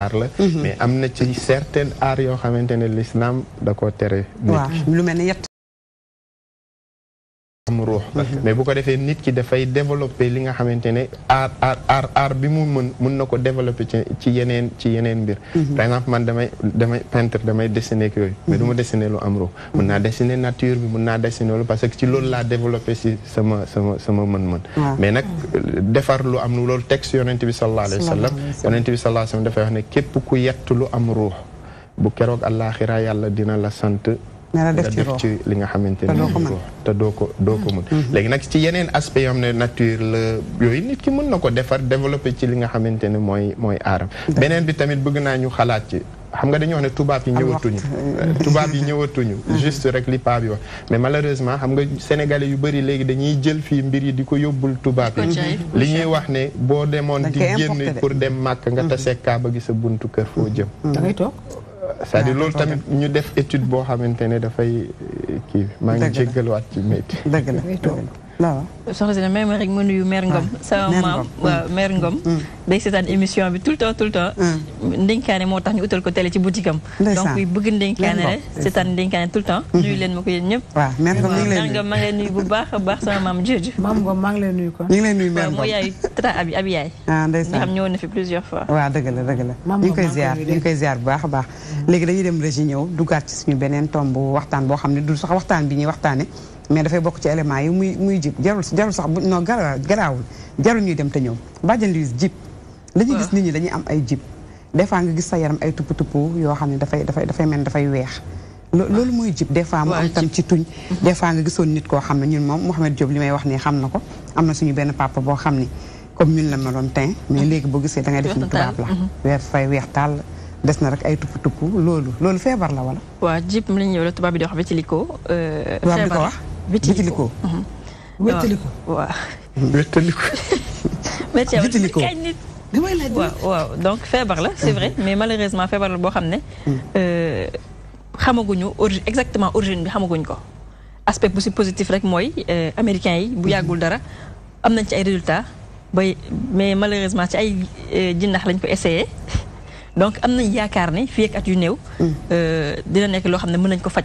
Mhm. mais am na ci certaines aar yoo xamante ne l'islam da tere. waaw lu mel yett am ruux mhm. mais bu ko defee nit ki dafay développer li nga xamante ne aar aar aar aar bi mu mën mën na ko développer ci ci yeneen ci yeneen mbir mhm. par exemple man damay damay peintre damay dessiner yooyu mais ma mhm. dessiner lu am ruux mën naa dessiner nature bi mën naa dessiner lu parce que ci loolu laa développer si sama sama sama mën-mën mais nag defar lu am loolu texte yonent bi sallallahu alayhi wa sallam yonent bi sallallahu alayhi wa sallam dafay wax ne képp ku yett lu am ruux bu keroog àllaaxira yàlla dina la sant nga def ci li nga xamante ne te doo ko doo ko mën mhm. léegi nag ci yeneen aspect yoo ne nature la yooyu nit ki mën na ko defar développer ci li nga xamante ne mooy mooy aaram beneen bi tamit bëgg naa ñu xalaat ci xam nga dañuy wax ne tubaab yi ñëwatuñu euh, euh, tubaab yi ñëwatuñu mhm. juste rek li paa bi wax mais malheureusement xam nga sénégalais yu bëri léegi dañuy jël fi mbir yi di ko yóbbul tubaab yi mhm. li ñuy wax ne boo demoon di génn pour dem màkk nga taseeg kaaba gi sa buntu kër foo jëm cest à loolu tamit ñu def étude boo xamante ne dafay euh, kii maa ngi jéggaluwaat ci métti dëgg la waaw hein. soxna si ne may ma rek ma nuyu mère Ngom. Ah. sama maam waaw mère Ngom. Mm. Mm. day seetaan émission bi tout le temps tout le temps. Mm. ndenkaane moo tax ñu utal ko télé ci boutique am. donc kuy bëgg ndenkaane rek seetaan ndenkaane tout le temps. Mm-hmm. nuyu leen ma ko yéen ñëpp. waaw mère Ngom ñu ngi lay nuyu waaw maa ngi lay nuyu bu baax a baax sama maam Diedhiou. maam Ngom maa ngi lay nuyu ko ñu ngi lay nuyu mère Ngom waaw mooy yaay tata abi abi yaay. ah ndeysaan nga xam ñëwoon na fi plusieurs fois. waaw dëgg la dëgg la. ñu koy ziar ñu koy ziar bu baax a baax. Mm-hmm. léegi dañuy dem régi ñëw duggaat ci suñu beneen tomb waxtaan boo xam ne du sax waxtaan bi ñuy waxtaane mais dafay bokk ci élément yi muy muy jib jarul jarul sax bu non gara garaawul jarul ñuy dem te ñëw bàjjan Louise jib dañuy gis nit ñi dañuy am ay jib des fois nga gis sa yaram ay tupp tupp yoo xam ne dafay dafay dafay mel dafay weex ah. loolu mooy jib des fois mu am tam ci tuñ mhm. des fois nga gisoon nit koo xam ne ñun moom Mouhamed Diop li may wax nii xam na ko am na suñu benn papa boo xam ni comme ñun la ma doon teint mais mhm. léegi boo gisee da ngay def ni tubaab la mhm. weer fay weex tàll des na rek ay tupp tupp loolu loolu feebar la wala waa jib li ñëw la tubaab bi di wax vitiligo euh, tubaab bi ko wax vitiligo wéttaliko waaw wéttaliko vitiligo damay laaj waaw waaw donc feebar la c'est vrai mais malheureusement feebar la boo xam ne xamaguñu origine exactement origine bi xamaguñ ko aspect bu si positif rek mooy américain yi bu yàggul dara am nañ ci ay résultats ba mais malheureusement ci ay jinnax lañ ko essayé donc am nañ yaakaar ne fii ak at yu néew dina nekk loo xam ne mën nañ ko faj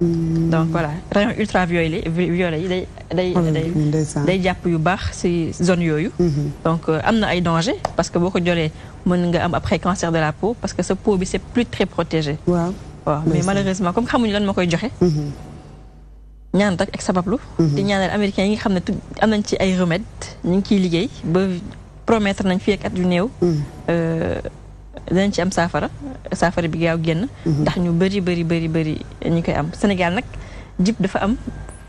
donc voilà rayon ultraviolet violet yi day day day japp yu bax ci zone yoyu mhm. donc euh, amna ay danger parce que boko ko jolee mën nga am après cancer de la peau parce que sa peau bi c'est plus très protégé waaw mais malheureusement comme xamuñu lan makoy joxé joxe mhm. ñaan tak ak sabablu mhm. di ñaanal américain yi nga xamné ne am nañ ci ay remèdes ñu ngi ciy liggéey ba promettre nañ fi ak at yu euh danañ ci am saafara saafara bi gaaw genn mhm. ndax ñu bëri bëri bëri bëri ñu koy am Sénégal nag jib dafa am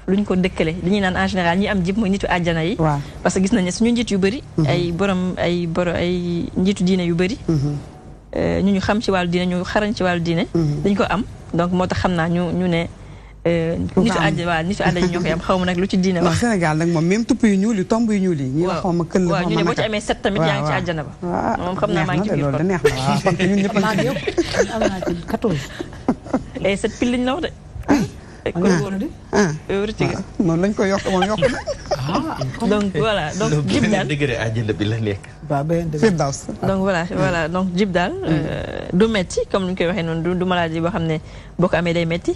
lu ñu ko dëkkale li ñuy naan en général ñi am jib mooy nitu àjjana yi. parce que gis nañ ne suñu njiit yu bari mhm. ay borom ay boro ay njiitu diine yu bëri. Mhm. Euh, ñu ñu xam ci wàllu diine ñu xarañ ci wàllu diine. dañ ko am donc moo tax xam naa ñu ñu ne. ni euh, ci ànd waaw ni ci ànd ñoo ko yam xaw ma nag lu ci diine wax Sénégal nag moom même tupp yu ñuul yi tomb yu ñuul yi ñi la xaw ma këll waaw ñu ne boo ci amee set tamit yaa ngi ci àjjana ba moom xam naa maa ngi ci biir kon neex na parce que ñun ñëpp am naa ci 14 ay eh, set pil lañ la wax de ah. eh, kon ah. eh, wóor di ah. moom lañ ko yokk moom yokk na donc voilà donc jib daal degré àjjana bi la nekk donc voilà voilà donc jib daal mm. euh, du metti comme ni ñu koy waxee noonu du maladie boo xam ne boo ko amee day metti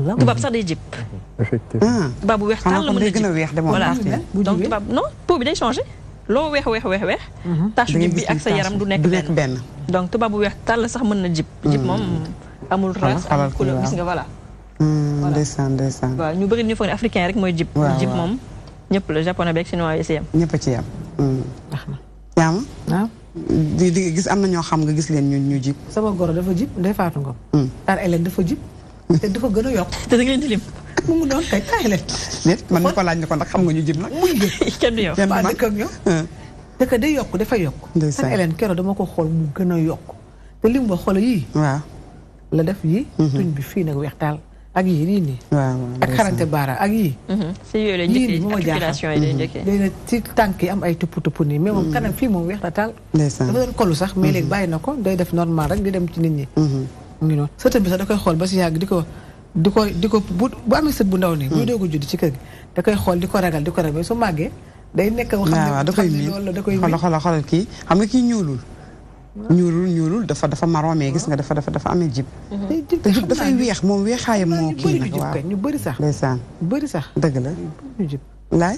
tubaab sax day jëpp. effectivement tubaab bu weex tàll la mën a jëpp voilà ah, donc tubaab non peau bi day changé. loo weex weex weex weex. Mhm. tâche jib bi ak sa yaram du nekk ben. benn. donc tubaab bu weex tàll sax mën na jib. Mm. jib moom amul race amul couleur gis nga mm, voilà. ndeysaan ndeysaan waaw ñu bëri ñu foog africain rek mooy jib. jib moom ñëpp la japonais beeg chinois yi si yam. ñëpp a ci yam. Mm. yaama. Ah. di di gis am na ñoo xam nga gis leen ñu ñu jib. sama goro dafa jib ndey faatu ngom. taar elen dafa jib. te dafa gën a yokk. te da ngeen di mu doon kay kaay leen. nit ko laaj ko nag xam nga ñu jib nag. muy jëm kenn du yow waaw day yokk dafay yokk. ndeysaan man Hélène dama ko xool mu gën a yokk. te lim ba xool yii. la def yii. tuñ bi fii nag weextaal ak yii nii ak xarante baara ak yii. si yooyu la njëkkee yii moom jaaxal léegi ci tànk yi am ay tupp tupp nii mais moom kanam fii moom weextaal. ndeysaan dafa doon kollu sax mais léegi bàyyi na ko day def normal rek di dem ci nit ñi mu ngi noonu bi sax da koy xool ba si yàgg di ko di ko di bu amee sët bu ndaw nii. buy hmm. doog a judd ci kër gi da koy xool di ko ragal di ko ragal su màggee. day nekk wax da koy miin da koy miin xoolal xoolal kii xam nga kii ñuulul. ñuulul ñuulul dafa dafa marron mais gis nga dafa dafa dafa amee jib. te hmm. jib dafay weex moom weexaayam moo kii nag waaw ñu bëri sax ndeysaan bëri sax dëgg la. laay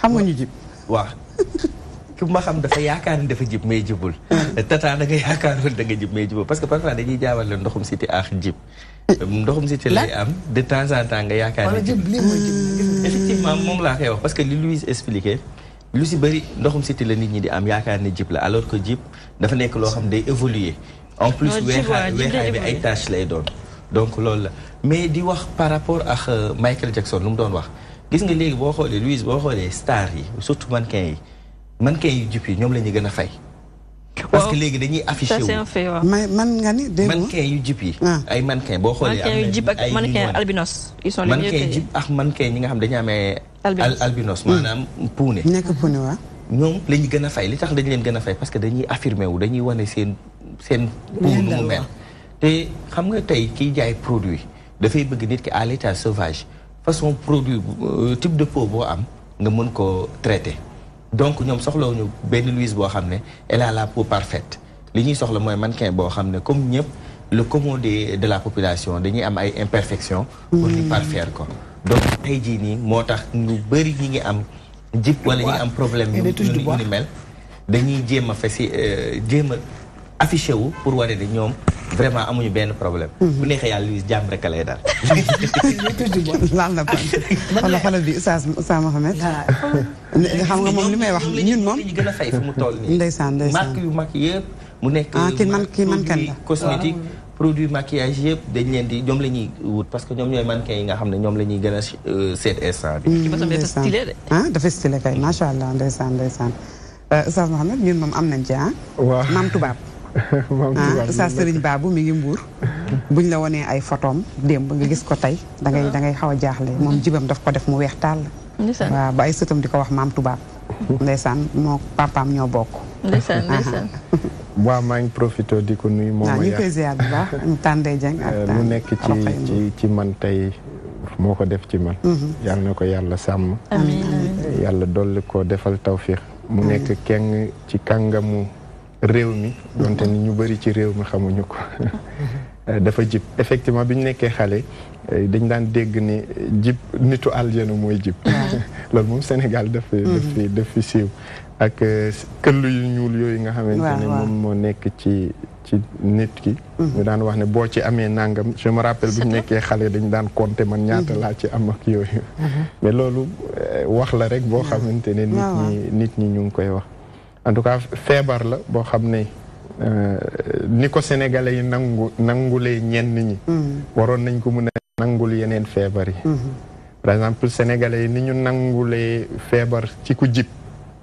xam nga ñu jib waaw ki ma xam dafa yaakaar na dafa jib may jibul mm. tata da nga yaakaaroon da nga jib may jibul parce que parfois dañuy jaawale ndoxum ndoxum siti lay am de temps en temps yaakaar ni jib effectivement moom laa koy wax parce que li Louise expliqué lu si bëri ndoxum siti la nit ñi di am yaakaar ne jib la alors que jib dafa nekk loo xam day évoluer en plus weexaay weexaay ay tâche lay doon donc loolu la mais di wax par rapport ak euh, Michael Jackson lu mu doon wax gis nga léegi boo xoolee Louise boo xoolee star yi surtout mannequin yi mannequin yu jub yi ñoom la ñu gën a fay. parce que léegi dañuy affiché wu. mais man nga ni dégg mannequin yu jub yi. Ah. ay mannequin boo xoolee. am yu ak mannequin albinos. ils sont les mieux payés mannequin ñi nga xam dañu amee. albinos hmm. maanaam puune. nekk puune waaw. ñoom la ñu gën a fay li tax dañu leen gën a fay parce que dañuy affirmé wu dañuy wane seen seen. puune te xam nga tey kiy jaay produit dafay bëgg nit ki à l'état sauvage façon produit euh, type de peau boo am nga mën koo traité. donc ñoom soxlawuñu benn Louise boo xam ne elle a la peau parfaite li ñuy soxla mooy mannequin boo xam ne comme ñëpp le commun de la population dañuy am ay imperfections. pour ñu parfaire ko. donc tey jii nii moo tax nu bëri ñi ngi am. jib wala ñi am problème yu ni mel. dañuy jéem a fesi euh, jéem a affiché wu pour wane ne ñoom vraiment amuñu benn problème. Mhm. bu neexee yàlla li jàmm rek a lay dal. laal na ko xoolal xoolal bi Oustaz Oustaz Mohamed. Ah. xam nga moom li may wax ñun moom. gën a fay mu toll nii. ndeysaan ndeysaan yu mag yëpp. mu nekk ah ki man ki man kan la cosmétique. produit maquillage yëpp dañ leen di ñoom la ñuy wut parce que ñoom ñooy mannequin yi nga xam ne ñoom la ñuy gën a euh, seet instant bi. Mm, ndeysaan ah dafa stylé kay macha allah ndeysaan ndeysaan euh, Oustaz Mohamed ñun moom am nañ ci ah. waaw maam tubaab. ah Oustaz Serigne Babou mbuur buñ la wonee ay photom démb nga gis ko tey da da ngay xaw a jaaxle moom jibam daf ko def mu weex tàll waaw ba ay sëtam di ko wax maam tubaab ndeysaan moo papaam ñoo bokk ndeysaan ndeysaan waaw maa di ko nuyu moom ñu euh, mu nekk ci ci man tey moo ko def ci man mhm. yàlla na ko yàlla sàmm amiin yàlla dolli ko defal tawfiq mu nekk kenn ci kàngamu réew mi donte ni ñu bëri ci réew mi xamuñu ko dafa jib effectivement bi ñu nekkee xale eh, dañ daan dégg ni jib nitu aljana mooy jib loolu moom Sénégal dafa mm-hmm. ak eh, këll yu ñuul yooyu nga xamante ne moom moo nekk ci ci nit ki mu mm-hmm. daan wax ne boo ci amee nangam je me rappelle bu ñu nekkee xale dañ daan compter man ñaata mm-hmm. laa ci am ak yooyu mais loolu eh, wax la rek boo xamante ne nit ñi ñu ngi koy wax en tout cas feebar la boo xam ne euh, ni ko sénégalais yi nangu ñen ñenn ñi mm. waroon nañ ko mun a nangul yeneen feebar yi mm-hmm. par exemple sénégalais yi ni ñu nangulee feebar ci ku jib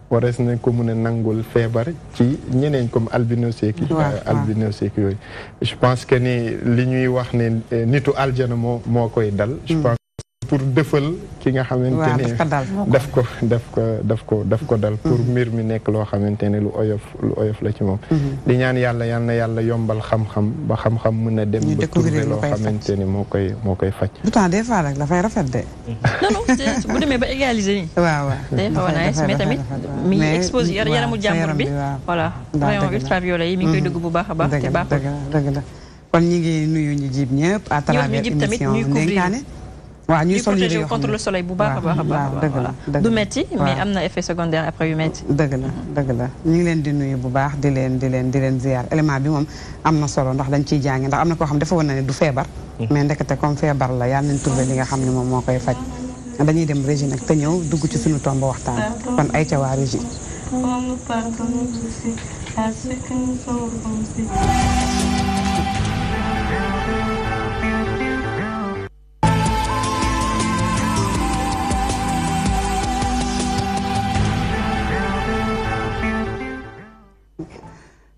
warees nañ ko mun a nangul feebar ci ñeneen comme albinosek euh, albinosek yooyu je pense que ni li ñuy wax ne euh, nitu aljana moo moo koy dal mm. pour dëfal ki nga xamante ne daf ko daf ko daf ko daf ko dal pour mm-hmm. mbir mi nekk loo xamante ne lu oyof la ci moom mm-hmm. di ñaan yàlla yal na yàlla yombal xam-xam ba xam-xam mën a dem ba trouver loo xamante ni moo koy moo koy a pourtant des fois nag dafay rafet de mm-hmm. non non bu demee ba égaliser ni waaw a nice mais tamit mi ngi exposé yaramu mi ngi koy bu baax a baax te baaxul dëgg la kon ñuy contre le soleil bu baax a baax a mais effet secondaire après yu metti dëgg la mm-hmm. dëgg la ñu ngi leen di nuyu bu baax di leen di di ziar élément bi solo ndax dañ ndax xam du mm-hmm. mais comme la li nga dañuy dem ci waxtaan ay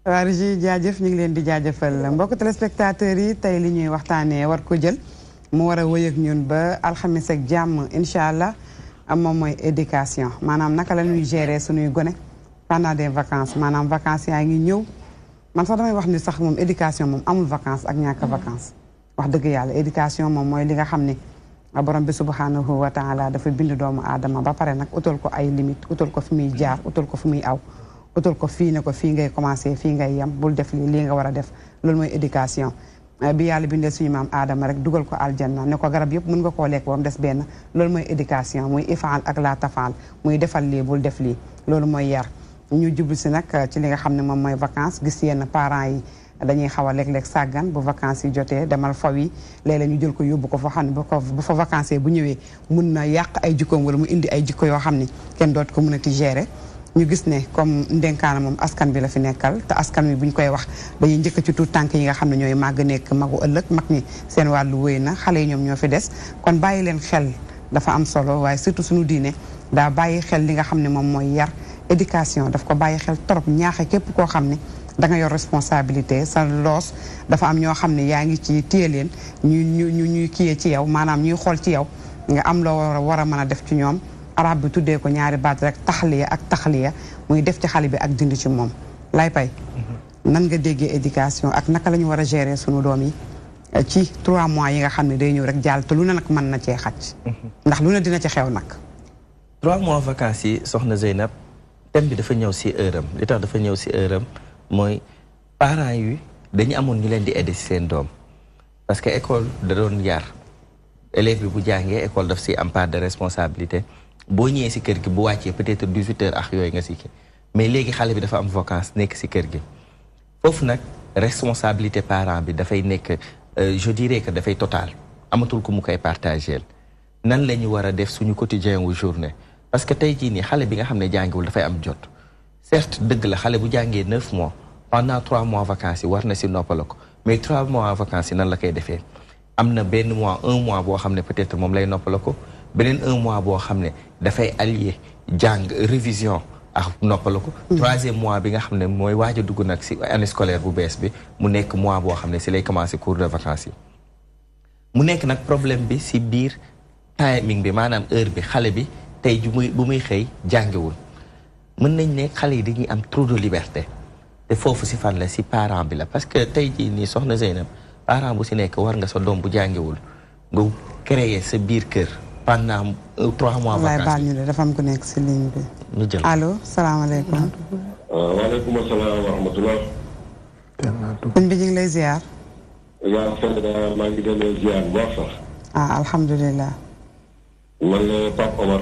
waa Régis jaajëf ñu ngi leen di jaajëfal mbokk téléspectateurs yi tey li ñuy waxtaanee war ko jël mu war a wëy ak ñun ba alxamis ak jàmm incha allah moom mooy éducation maanaam naka la ñuy gérer suñuy gone pendant des vacance maanaam vacances yaa ngi ñëw man sax damay wax ni sax moom éducation moom amul vacance ak ñàkk vacances. wax dëgg yàlla éducation moom mooy li nga xam ni borom bi subhanahu wa taala dafa bind doomu aadama ba pare nag utal ko ay limite utal ko fi muy jaar utal ko fi muy aw. utal ko fii ne ko fii ngay commencé fii ngay yem bul def lii lii nga war a def loolu mooy éducation eh, bi yàlla bindee suñu maam aadama rek dugal ko aljanna ne ko garab yëpp mën nga koo lekk ba des benn loolu mooy éducation muy ifaal ak la tafaal muy defal lii def lii loolu mooy yar ñu jublu si nag eh, ci li nga xam ne moom mooy vacance gis yenn parents yi dañuy xawa a léeg-léeg sàggan bu vacance yi jotee demal faw yi léeg-léeg ñu jël ko yóbbu ko fa xam ne bu fa vacance bu ñëwee mun na yàq ay jikkoom wala mu indi ay jikko yoo xam ne kenn doot ko mën a ti gérer ñu gis ne comme ndénkaana moom askan bi la fi nekkal te askan wi bu ñu koy wax dañuy njëkk ci tuut tànk yi nga xam ne ñooy màgg nekk magu ëllëg mag ñi seen wàllu wéy na xale yi ñoom ñoo fi des kon bàyyi leen xel dafa am solo waaye surtout suñu diine daa bàyyi xel li nga xam ne moom mooy yar éducation daf ko bàyyi xel torop ñaaxe képp koo xam ne da nga yor responsabilité sa loos dafa am ñoo xam ne yaa ngi ci téye leen ñu ñu ñuy kiyee ci yow maanaam ñuy xool ci yow nga am loo war a mën a def ci ñoom arab bi tuddee ko ñaari baat rek taxliya ak taxliya muy def ci xale bi ak dindi ci moom lay pay mhm. nan nga déggee éducation ak naka la ñu war a gérer sunu doom yi eh, ci trois mois yi nga xam ne day ñëw rek jàll te lu ne nag mën na cee xaj mhm. ndax lu ne dina ci xew nag trois mois vacances yi soxna Zeynab thème bi dafa ñëw si heure am li tax dafa ñëw si heure am mooy parents yi dañu amoon ñu leen di aider si seen doom parce que école da doon yar élève bi bu jàngee école daf si am part de responsabilité boo ñëwee ci kër gi bu wàccee peut-être 18 h ak yoy nga ci kii mais légui xalé bi dafa am vacances nek ci kër gi fofu nak responsabilité parent bi dafay nek euh, je dirais que dafay total amatul ku mu koy partager nan lañu wara def suñu quotidien wu journée parce que tey jii nii xale bi nga xamné ne jàngiwul dafay am jot certes deug la xalé bu jàngee 9 mois pendant 3 mois vacances war na ci noppala mais 3 mois vacances nan la kay défé amna na benn mois 1 mois bo xamné peut-être mom lay noppala beneen un mois boo xam ne dafay allier jàng révision a noppal ko. Mm-hmm. troisième mois bi nga xam ne mooy waaj a dugg nag si année scolaire bu bees bi mu nekk mois boo xam ne si lay commencé cours de vacances mu nekk nag problème bi si biir timing bi maanaam heure bi xale bi tey ju muy bu muy xëy jàngiwul mën nañ ne xale yi dañuy am trop de liberté te foofu si fan la si parent bi la parce que tey jii nii soxna Zeynab parent bu si nekk war nga sa doom bu jàngiwul nga créer sa biir kër. pendant trois mois. vacances wallaay ñu de dafa am ku nekk si ligne bi. ñu jël allo salaamaaleykum. waaleykum salaam wa rahmatulah. sëñ bi ñu ngi lay ziar. yaa ngi maa ngi delloo ziar bu baax sax. ah alhamdulilah. man la Pape Omar.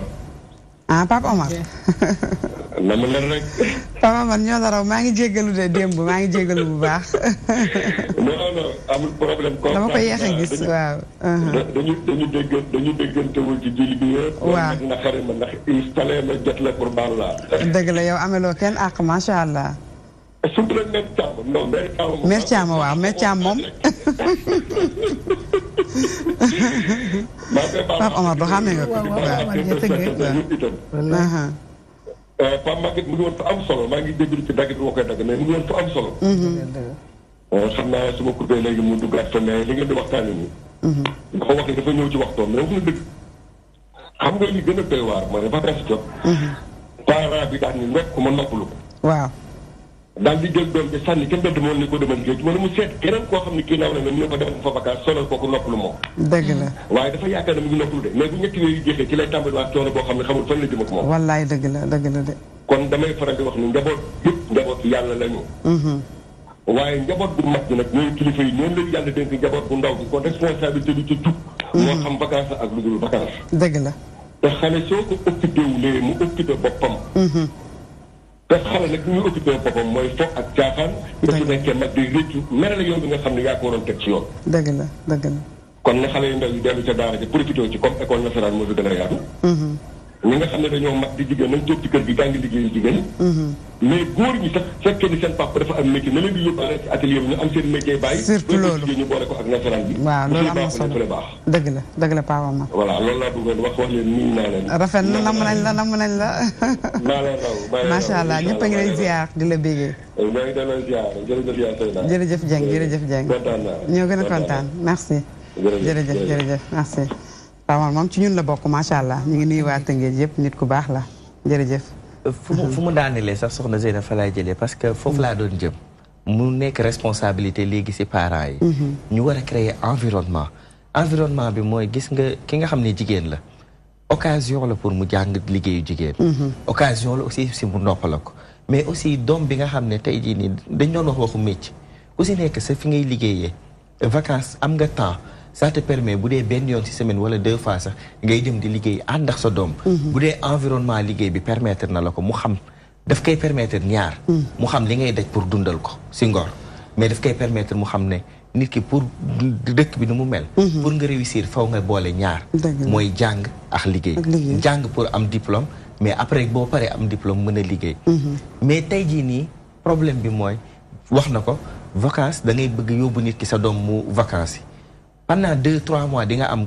ah Pape Omar. nam rek. papa man ñoo dara maa ngi jégalu de démb maa ngi jégalu bu baax. non non amul problème. dama ko yéex a gis waaw. dañu dañu dégg dañu déggantewul ci jëli bi yëpp. waaw nag naxare ma ndax installé ma jot la pour baal laa. dëgg la yow ameloo kenn àq macha allah. surtout nag mère Thiam non mère Thiam. mère Thiam waaw mère Thiam moom. Pape Omar du xàmmee nga ko. waaw waaw waaw Euh, Pape Maguette mu ngi woon fa am solo maa ngi déglu ci daggit moo koy dagg mais mu ngi woon fa am solo. Mm-hmm. Euh, xam naa su ma coupé mu duggaat fa mais li ngeen di waxtaanee nii. Mm-hmm. dafa wax ne dafa ñëw ci waxtoom mais wax na dëgg. xam nga li gën a doy waar mooy dafa fees jot. Mm-hmm. parent bi daal ni nekk ku ma noppalu ko. waaw. daal di jël doom bi sànni kenn dootu ma woon ne ko demal géej wala mu seet keneen koo xam ne kii naaw na la mu ne ko demal fa vacances sonal kooku noppalu moom la waaye dafa yaakaar boo xam ne xamul fan la jëm ak moom dëgg la dëgg la de kon damay faral di wax ni njaboot yëpp njaboot yàlla la mm-hmm. waaye njaboot bu mag bi nag ñooy kilifa yi ñoom lañu yàlla dénk njaboot bu ndaw bi kon responsabilité bi ci tub mm-hmm. moo xam vacance ak lu dul vacance dëgg la te xale soo ko occupé wu mu occupé boppam mm-hmm. te xale nag bu ñu occupé boppam mooy fo ak caaxaan. dëgg la bu mag day rëccu mere la bi nga xam ne yaa ko waroon teg ci yoon. dëgg la dëgg la. kon ne xale yu ndaw yi dellu ca daara ja profité ci comme école nasaraan moo fi gën a yaatu. Mm-hmm. ñi nga xam ne dañoo mat di jigéen nañ toog ci kër gi jàngi liggéeyu jigéen mais góor ñi sax fekkee seen papa dafa am métier na leen di yóbbaale ci atelier ñu am seen métier bàyyi surtout loolu waaw loolu am na solo dëgg la dëgg la Paa Omar voilà loolu laa bëggoon wax wax leen nuyu naa leen rafet na namm nañ la namm nañ la maa macha allah ñëpp a ngi lay ziar di la bégee eh, maa ngi jërëjëf yaa jërëjëf Dieng ñoo gën a kontaan merci jërëjëf jërëjëf merci Pape moom ci ñun la bokk macha allah ñu ngi nuyu waa Tëngéej yëpp nit ku baax la jërëjëf. fu mu fu mu daanelee sax soxna Zeyna fa laay jëlee parce que foofu laa doon jëm. mu nekk responsabilité léegi si parents yi. Mhm. ñu war a créer environnement. environnement bi mooy gis nga ki nga xam ne jigéen la. occasion la pour mu jàng liggéeyu jigéen. Mhm. occasion la aussi si mu noppala ko. mais aussi doom bi nga xam ne tey jii nii dañ doon wax waxu métier. ku si nekk sa fi ngay liggéeye vacances am nga temps. ça te bu dee benn yoon si semaine wala deux fois sax ngay dem di liggéey ànd ak sa doom. Mhm. bu dee environnement liggéey bi permettre na la ko mu xam daf koy permettre ñaar. Mhm. mu xam li ngay daj pour dundal ko si ngor mais daf koy permettre mu xam ne nit ki pour dëkk bi nu mu mel. Mhm. pour nga réussir faw nga boole ñaar. mooy jàng ax liggéey. jàng pour am diplôme mais après boo paree am diplôme mën a liggéey. mais tey jii nii problème bi mooy wax na ko vacance da ngay bëgg yóbbu nit ki sa doom mu vacance yi. pendant deux trois mois dinga am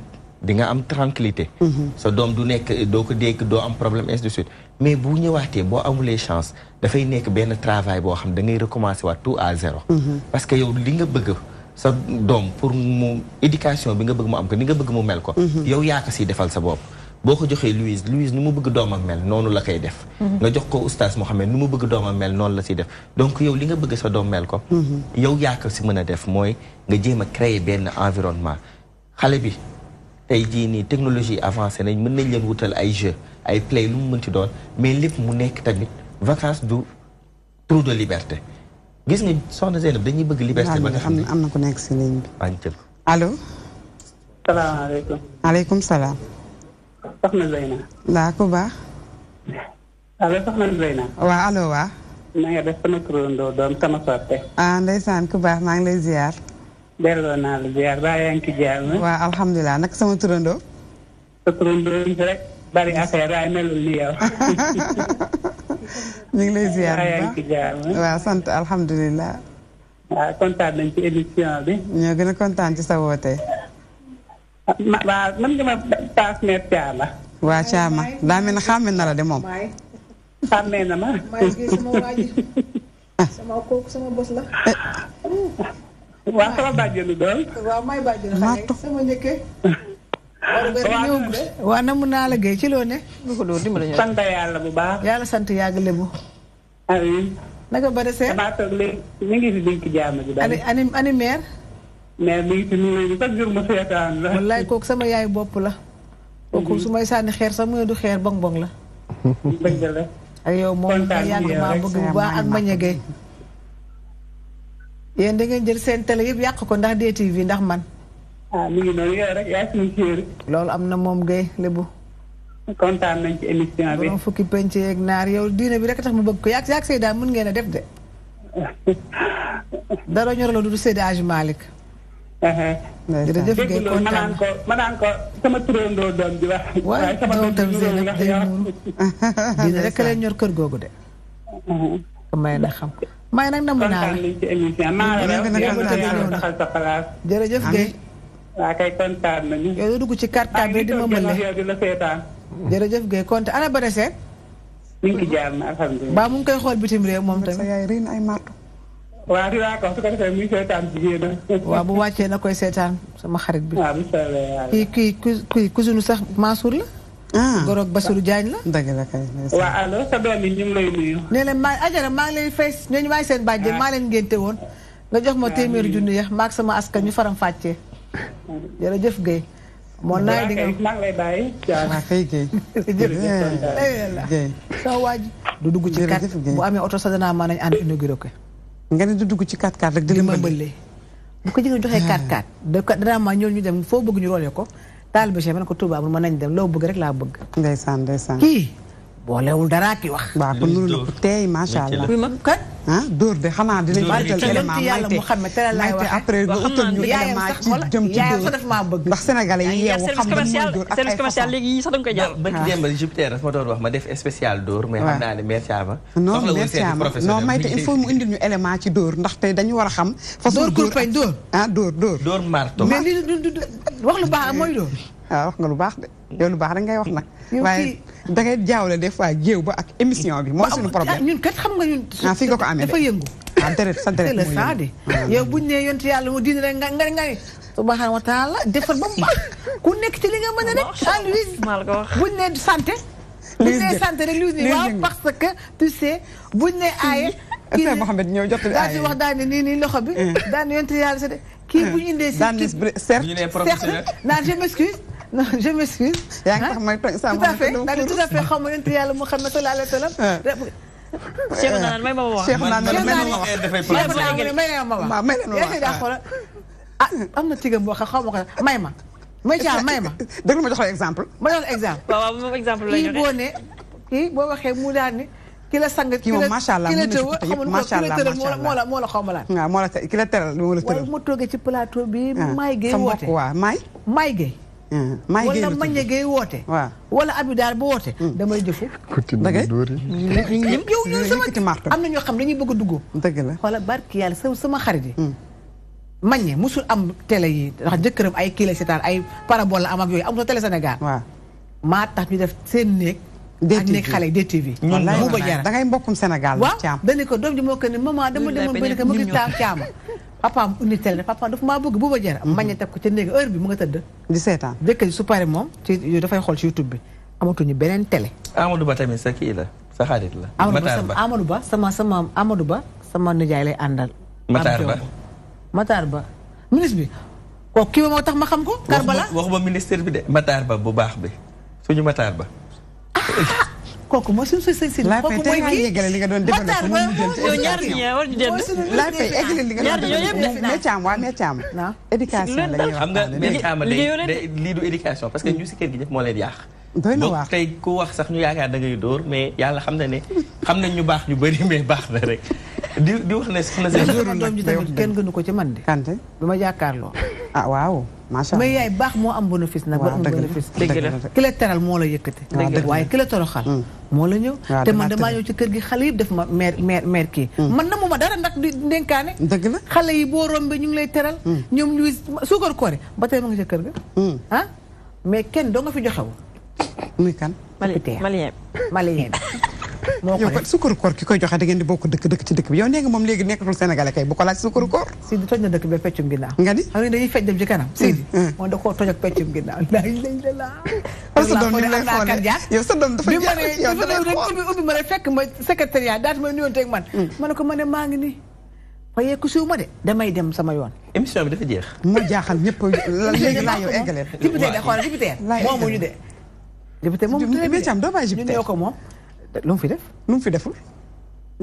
di nga am tranquillité mhm. sa doom du nekk doo ko dégg doo am problème ainsi mais bu ñëwaatee boo amulee chance dafay nekk benn travail boo xam da ngay recommencer waat tout à zéro mhm. parce que yow li nga bëgg sa doom pour mu éducation bi nga bëgg mu am ko ni nga bëgg mu mel ko mhm. yow yaa si defal sa bopp boo ko joxee Louise Louise nu mu bëgg doomam mel noonu la koy def mm-hmm. nga jox ko oustaz Mohamed nu mu bëgg doomam mel noonu la siy def donc yow li nga bëgg sa doom mel ko mm-hmm. yow yaaka si mën a def mooy nga jéem a créer benn environnement xale bi tey jii nii technologie avancée nañ mën nañ leen wutal ay jeu ay play lu mu mënti doon mais lépp mu nekk tamit vacances du trou de liberté gis nga soxna Zeynab dañuy bëgg liberté ba nga xam ne am na ku nekk si ligne bi allo salaamaaleykum aleykum salaam soxna Zeyna. laa ku baax. waa allo waa. na nga def sama turandoo doom sama soppe. ah ndeysaan ku baax naa la ziar ba yaa ngi ci ziar na. waaw alhamdulilah nag sama turandoo. sa turandoo rek bari affaire waaye melul ni yow. ñu ngi lay ziar bu baax sant alhamdulilah. kontaan nañ ci émission bi. ñoo gën a kontaan ci sa woote. ma waaw man waa Thiama daa mel ne xàmme na la de moom. xàmmee na ma. Ah. sama kooku sama bos la. Eh. waaw sama bàjjenu doon. naa la géej ci loo ne. sant yàlla bu baax. yàlla sant yàgg lebu. amiin. naka ba desee. damaa mais mi ngi fi mu ne chaque jour ma seetaan la. wallaay kooku sama yaay bopp la. kooku mhm. su may sànni xeer sax mu du xeer bong bong la. dëgg la. ak yow moom yàgg maa bëgg bu baax ak ma ñegee. yéen da ngeen jël seen télé yëpp yàq ko ndax DTV ndax man. ah mi ngi noonu yow rek yaa loolu am na moom gay lébu. kontaan nañ ci émission bi. fukki penc yeeg naar yow diine bi rek tax mu bëgg ko yàgg yàgg ngeen a def de. dara la du Malick jërëjëf ngay kontaan ma ko ma naan ko sama turandoo doom bi wax. sama Zeynab ya. day muul dina rek leen ñor kër googu de. may na xam may nag namu naa jërëjëf Guèye. waa kay kontaan nañu. yow dugg ci carte di ma jërëjëf ana ngi alhamdulilah. ba mu ngi koy xool bitim réew moom tamit. waaw dinaa ko su ko defee wàccee na koy seetaan sama xarit bi. waaw kii kii kii cousinu sax Mansour la. Ah. Gorog Bassirou jaañ la. dëgg la kay. waaw allo sa doom yi ñu ngi lay nuyu. maa Ajara maa ngi lay fay maay seen bàjjen ah. maa leen ngénte woon. nga jox ma téeméeri junni yax maak sama askan ñu faram fàccee. jërëjëf Guèye. moo naay di nga maa sa waaj du dugg ci kat bu amee oto sa danaa mën nañ ànd inauguré ko nga ne du dugg ci 4-4 rek. di la mbële bu ko jigéen joxee 4-4. Ah. da ko ma ñool ñu dem foo bëgg ñu roolee ko taal bi man ko Touba amul mën nañ dem loo bëgg rek laa bëgg. ndeysaan ndeysaan kii. boolewul daraa ki wax. waaw kon loolu nag tey macha allah. kan ah Dóor de xanaa dinañu utal élément mayte mayte après nga utal ñu élément ci jëm ci Dóor ndax sénégalais yi yeewu xam nga mooy Dóor ak ay façon. léegi sax da nga koy jàpp. bëgg démb Jupiter dafa ma doon wax ma def spécial Dóor. mais xam naa ne mère Thiama. non mère Thiama non mayte il faut mu indil ñu élément ci Dóor ndax tey dañu war a xam. façon Dóor ak Dóor ah Dóor Dóor. Dóor marto mais li wax lu baax mooy Dóor. waaw ah, wax nga lu baax de yow lu baax rek ngay wax nag waaye da ngay jaawle des fois géew ba ak émission bi moo suñu problème ñun kat xam nga ñun. ah fi nga ko amee dafa yëngu. ah deret sa deret mooy yëngu ah, yow bu ñu nee yontu yàlla mu diin rek nga nga nga ne. subhaana wa taala defar ba mu baax ku nekk ci li nga mën a nekk. ah Louise bu ñu nee santé. Louise bu ñu nee santé rek Louise nii waaw parce que tu sais bu ñu nee aaye. kii nii Mohamed ñëw jottali aaye wax daan ne nii nii loxo bi eh. daan yontu yàlla sa de. kii bu ñu indee. Eh. daan ne certes certes naan je m'excuse non je m'excuse. yaa ngi tax may toj sàmm tout à fait tout à fait xaw ma yonent yàlla Muhammad sallallahu alayhi wa sallam. Cheikh Ndanane may ma wax. Cheikh Ndanane may ma wax may ma wax ah am na tigam boo xam xaw ma ko may ma. may caa may ma. dëgg ma jox la exemple. ma jox la exemple. waaw moom exemple la ñu kii boo ne kii boo waxee mu daan ne. ki la sang ki la ki la tëw xamul moo la moo la xaw ma laal. waaw moo la ki la teral moo la tëral. waaye mu toogee ci plateau bi. maay ah. gay woote waaw sama mbokk waaw maay. maay gay. Mm-hmm. maa ngi wala Maña Gueye woote. waaw wala Abdou Dar bu woote. Mm. damay jëfu. dëgg mm. yow yow sama am na ñoo xam dañuy bëgg a dugg. dëgg la xoolal barki yàlla sa sama xarit yi. Mm. Maña musul am télé yi ndax jëkkëram ay kii la seetaan ay parabole am ak yooyu am sa télé Sénégal. waaw maa tax ñu def seen néeg. dee nekk xale DTV. wallaay wallaay da ngay mbokkum Sénégal. waaw dañu ko doom ji moo ko ne maman dama demoon bëri ko mu ngi caama papaam indi télé ne dafa maa bëgg bu ba jëra mhm. maññe teg ko ca néegi heure bi mu nga tëdd di seetaan jëkkër su pare moom ci yooyu dafay xool ci YouTube bi amatuñu beneen tele Amadou Ba tamit sa kii la sa xarit la Amadou Ba sama sama Amadou Ba sama nijaay lay àndal Matar Ba Matar Ba ministre bi kooku kii ba moo tax ma xam ko Karbala wax ba ministre bi de Matar Ba bu baax bi suñu Matar Ba kooku mooy suñu sensibiliser kooku mooy kii Matar li nga doon def meccaam waa meccaam. éducation la ñuy wax xam nga meccaam day lii du éducation parce que ñu si kër gi def moo leen yaax. doy na ku wax sax ñu yaakaar da ngay dóor mais yàlla xam na ne xam nañ ñu baax ñu bari mais baax na rek di di wax ne. soxna seen doom ji tamit kenn gënu ko ci man de. kante bi ma jàkkaarloo. ah waaw. macha yaay baax moo am bonofice nag. waaw dëgg la dëgg teral moo la yëkkate. dëgg waaye ki la toroxal. Mm. moo la ñëw te man damaa ñëw ci kër gi xale yëpp def ma meer meer meer kii. Mm. man na mu ma dara ndax di dénkaane. dëgg la xale yi boo rombee ñu ngi lay teral. Mm. ñoom ñuy suukar koore ba tey ma nga ca kër ga. Ah? mais kenn doo nga fi joxewu muy kan. malien malien malien. moo ko def ki koy joxe da ngeen di bokk dëkk dëkk ci dëkk bi yow nee moom léegi nekkatul Sénégalais kay bu ko laaj sukkur koor toj na dëkk bi peccum ginnaaw nga ni xam nga dañuy fecc dem ci kanam ah. moom da ñu ne fekk ma secrétariat daat ma nuyoon teeg man mm. ma ma ne maa ngi nii waaye de damay dem sama yoon émission bi dafa jeex moo jaaxal ñëpp léegi laa yow eggaleen député de xoolal moom ñu ñoo ko moom lu mu fi def. lu mu fi deful.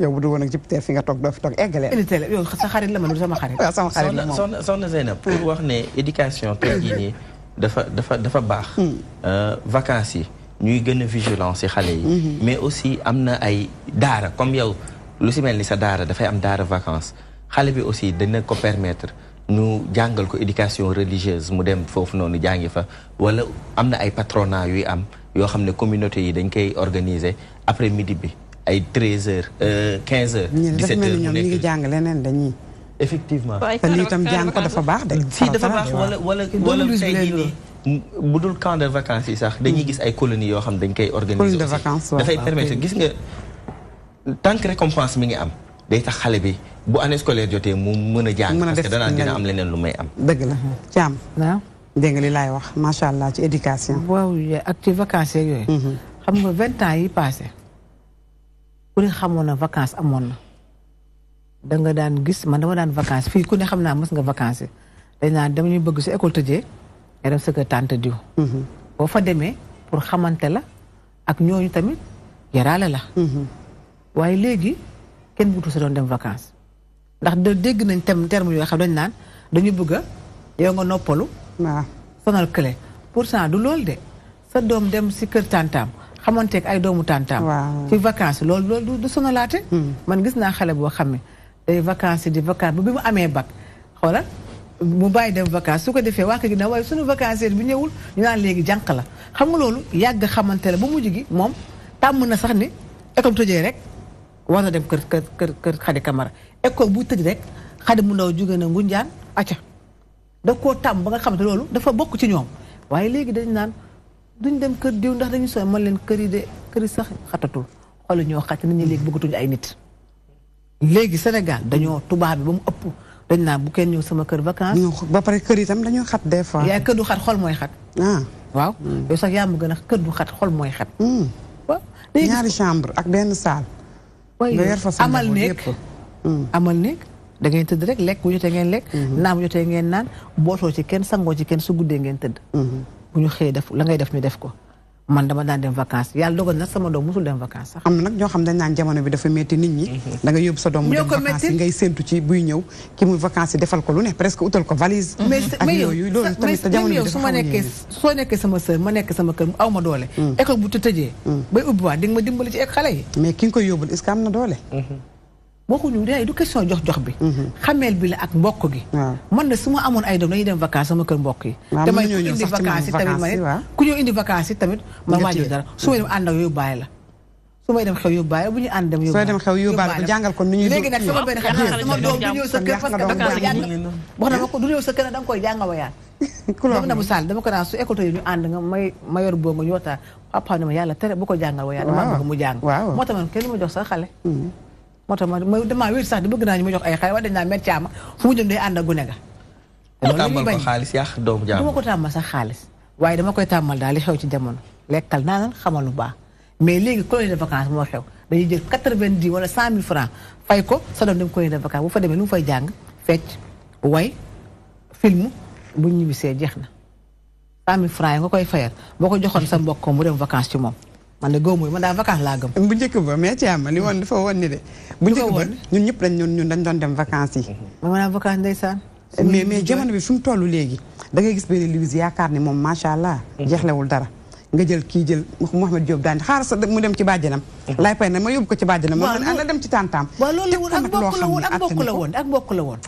yow bu dul woon ak jëpiteer fi nga toog doo fi toog eggalee. eggalee yow sa xarit la man sama xarit. waaw sama xarit la moom soxna soxna pour hmm. wax ne éducation tey jii nii dafa dafa dafa baax. Hmm. Euh, vacances yi ñuy gën a vigilant si xale yi. Hmm. mais aussi am na ay daara comme yow lu si mel ni sa daara dafay am daara vacances xale bi aussi dina ko permettre. ñu jàngal ko éducation religieuse mu dem foofu noonu jàngi fa wala am na ay patronat yuy am yoo xam ne communauté yi dañ koy organiser après midi bi ay 13h 15h. 17h mu nekk ñu ngi jàng leneen dañuy. effectivement te lii tam jàng ko dafa baax de. si dafa baax wala wala wala dul camp de vacances yi sax dañuy hmm. gis ay colonies yoo xam dañ koy organiser de vacances dafay ah, permettre gis nga tant que mi ngi am day tax xale bi bu année scolaire jotee mu mën a jàng parce que danaa dina am leneen lu may am dëgg la caam dengli lay li laay wax macha allah ci éducation. waaw ak ci vacances yoy xam nga 20 ans yi passé ku ne xamoon na vacance da nga daan gis man dama daan vacances fi ku ne xamna mës nga vacances dañ na dama ñu bëgg ci école tëjee ya dem sa tante diw. Mhm. bo fa démé pour xamanté la ak ñoñu tamit yarala la. Mhm. waaye léegi kenn butu sa doon dem vacances ndax de dégg nañ tem terme yo xam dañ nan dañu bëgg yow nga noppalu. waaw sonal pour pourtant du loolu de sa doom dem si kër tàntam tàntaam xamanteeg ay doomu tàntam ci vacances loolu loolu du sonalaate hmm. man gis naa xale boo xam ne day vacance di vacances ba bi mu amee bac xoolal mu bàyyi dem vacances su ko defee waa kër gi na waaye suñu vacancière bi ñëwul ñu naan léegi jànq la xam loolu yàgg xamante la ba mu gi moom tàmm na sax ni école tëjee rek war na dem kër kër kër kër Khady Camara école bu tëj rek Khady mu ndaw jóge na Ngunjaan acca da koo tàmm ba nga xamante loolu dafa bokk ci ñoom waaye léegi dañ naan duñ dem kër diw ndax dañu sooy man leen kër yi de kër yi sax xatatul xoolal ñoo xàcc nañu léegi bëggatuñu ay nit. léegi Sénégal dañoo tubaab bi ba mu ëpp dañ naan bu kenn ñëw sama kër vacance. ba pare kër yi tam dañoo xat des fois. yaa kër du xat xol mooy xat. ah waaw hmm. yow sax yaa ma gën a kër du xat xol mooy xat. Hmm. waaw ñaari chambre ak benn salle. nga yor fa amal nekk dangay tëdd rek lekk bu jotee ngeen lekk. Mhm. jotee ngeen naan bootoo ci kenn sangoo ci kenn su guddee ngeen tëdd. Mhm. bu ñu xëyee def la ngay def ñu def ko. man dama daan dem vacances yàlla dogal nag sama doom musul dem vacances sax. am na nag ñoo xam naan jamono bi dafa métti nit ñi. Mhm. da nga yóbbu sa doom mu dem vacances yi ngay séntu ci buy ko lu ne presque utal ko valise. ak yooyu loolu tamit te jamono bi dafa soo nekkee sama sœur ma nekk sama kër aw ma doole. école bu tëjee. bay ubbiwaat di nga ma dimbali ci ek xale yi. mais ki nga koy yóbbul est-ce am na doole. waxuñu day du jox jox bi mhm. man na su ma amoon ay doom dañuy dem vacances sama kër mbokk yi yi ma ne ku ñëw indi vacances ma waajul dara su may dem yooyu bàyyi la su may dem xew yóbbaale bu ñu ànd dem yóbbaale soo dem xew yóbbaale ko jàngal ko nu ñuy léegi ko du ñëw sa kër nga dama ko naan su ñu ànd nga may mayor boo nga ñu waxtaan papa ne ma yàlla tere bu ko jàngal wayaat dama bëgg mu jàng moo tax man kenn ma jox sa xale mm-hmm. moo tax ma damaa wér sax di bëgg naa ñu ma jox ay xay wax dañ naa met caama fu mu jëm day ànd ak gune ga tàmbal ko xaalis yàq doomu jaam duma sax xaalis waaye dama koy tàmmal daal li xew ci jamono lekkal naa nan xamal lu baax mais léegi colonie de vacances moo xew dañuy jël quatre vingt di wala cent mille francs fay ko sa doom dem koy de vacances bu fa demee lu mu fay jàng fecc way film bu ñibbisee jeex na cent mille francs yi nga koy fayal boo ko joxoon sa mbokk mu dem vacances ci moom man de góob mooy man daal vacances laa gëm. bu njëkk ba mais Thiam li woon dafa woon ni de. bu njëkk ba ñun ñëpp dañ ñun dañ doon dem vacances yi. man maanaam vacances eh, jamono bi fu mu toll léegi da gis benn Louise yaakaar ni moom macha allah. jeexlewul dara. nga jël kii jël Mouhamed Diop daan xaaral sa mu dem ci bàjjanam laay pay na ma yóbbu ko ci bàjjanam. waaw loolu ma dem ci tàntaam. waaw loolu la woon ak bokk la woon ak bokk la woon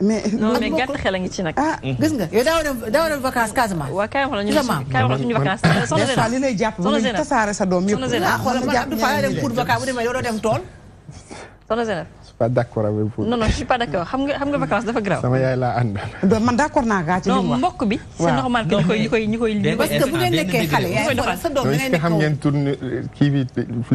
mais non mais gàtt xel a ngi ci nag. ah mhm. gis nga yow daaw dem daaw dem vacances Casamance. waaw kaay wax la ñu kaay wax la ñu vacances. soxna Zena li lay jàpp mu ngi tasaare sa doom yëpp. ah xoolal man Abdou Fall dem pour vacances bu demee yow doo dem tool. soxna Zena. je suis pas d' accord avec vous. non non je suis pas d' accord xam nga xam nga vacances dafa grave. sama yaay laa àndal. man d' accord naa gaa ci li mu wax. non mbokk bi. waaw c' est normal que ñu koy ñu koy ñu koy. parce que bu ngeen nekkee xale yaay xoolal sa doom. est ce que xam ngeen tourne kii bi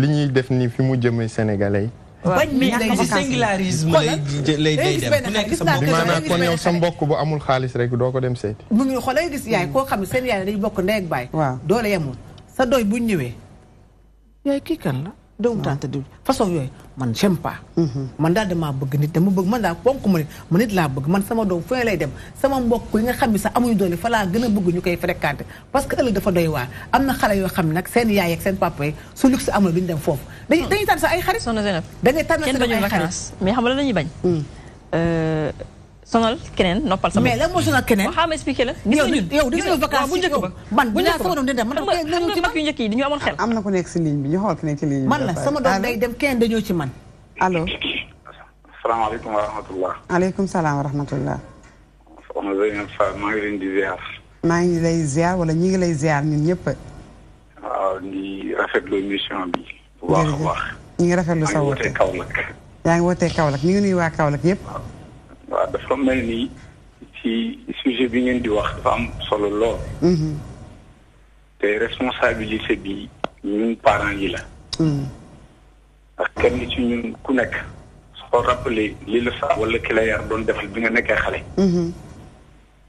li ñuy def nii fi mu jëmee sénégalais bañ mi ak vacances ci singularisme lay lay day dem ku nekk sa mbokk sa mbokk bu amul xaalis rek doo ko dem seeti. mu ngi xoolal gis yaay koo xam ne seen yaay dañu bokk ndey ak baay. waaw doole yemul sa doy bu ñëwee. yaay kii kan la. doomu tante diw façon yooyu man j'aime pas man daal damaa bëgg nit dama bëgg man daal ponk ma nit ma nit laa man sama doom fee lay dem sama mbokk yi nga xam ne sax amuñu doole fa laa gën a bëgg ñu koy fréquenté parce que ëllëg dafa doy waar am na xale yoo xam ne nag seen yaay ak seen papa yi su luxe amul duñu dem foofu dañuy dañuy tànn sax ay xarit da ngay tànn sax ay xarit mais xam nga la dañuy bañ hmm. euh, sonal keneen noppal sama. mais lan moo sonal keneen. waaw ma expliqué la. yow yow dañu ñëw vacance bu njëkk ba man bu njëkk ba man man dafa ñëw ci man yu njëkk yi dañu amoon xel. am na ku nekk si ligne bi ñu xool ku nekk si ligne bi. man la sama doom day dem keneen dañoo ci man allo. salaamaaleykum wa rahmatulah. aleykum salaam wa rahmatulah. soxna Zeynab Fall maa ngi leen di ziar. maa ngi lay ziar wala ñi ngi lay ziar ñun ñëpp. waaw di rafetlu émission bi. bu baax a baax. ñu ngi rafetlu sa woote yaa ngi wootee Kaolack ñu ngi nuyu waa Kaolack yëpp waaw dafa mel ni ci sujet bi ngeen di wax dafa am solo lool. Mhm. te responsabilité bi ñun parents yi la. ndax mhm. kenn ci ñun ku nekk soo rappelé li la sa wala ki la yar doon defal bi nga nekkee xale. Mhm.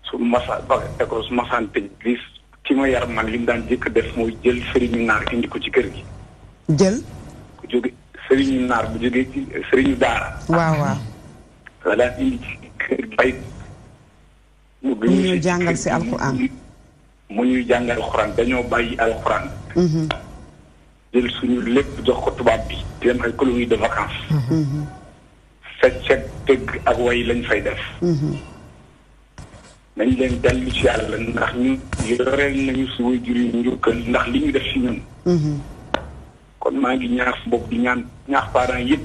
su masa ba école su masaan tëj gis ki ma yar man li mu daan jëkk def mooy jël sëriñu naar indi ko ci kër gi. jël. ku jóge sëriñu naar bu jógee ci sëriñu daara. waaw waaw. wala indi ci kër bay. mu ñuy jàngal si alxuraan. mu ñuy jàngal alxuraan dañoo bàyyi alxuraan. Mm-hmm. jël suñu lépp jox ko tubaab bi. di dem ay colonie de vacances. fecc mm-hmm. tëgg ak way lañ fay def. Mm-hmm. nañ leen dellu ci yàlla ndax ñu yoreel nañu si waajur yi njukkal ndax li ñu def si ñun. kon maa ngi ñaax bopp ñaax parents yëpp.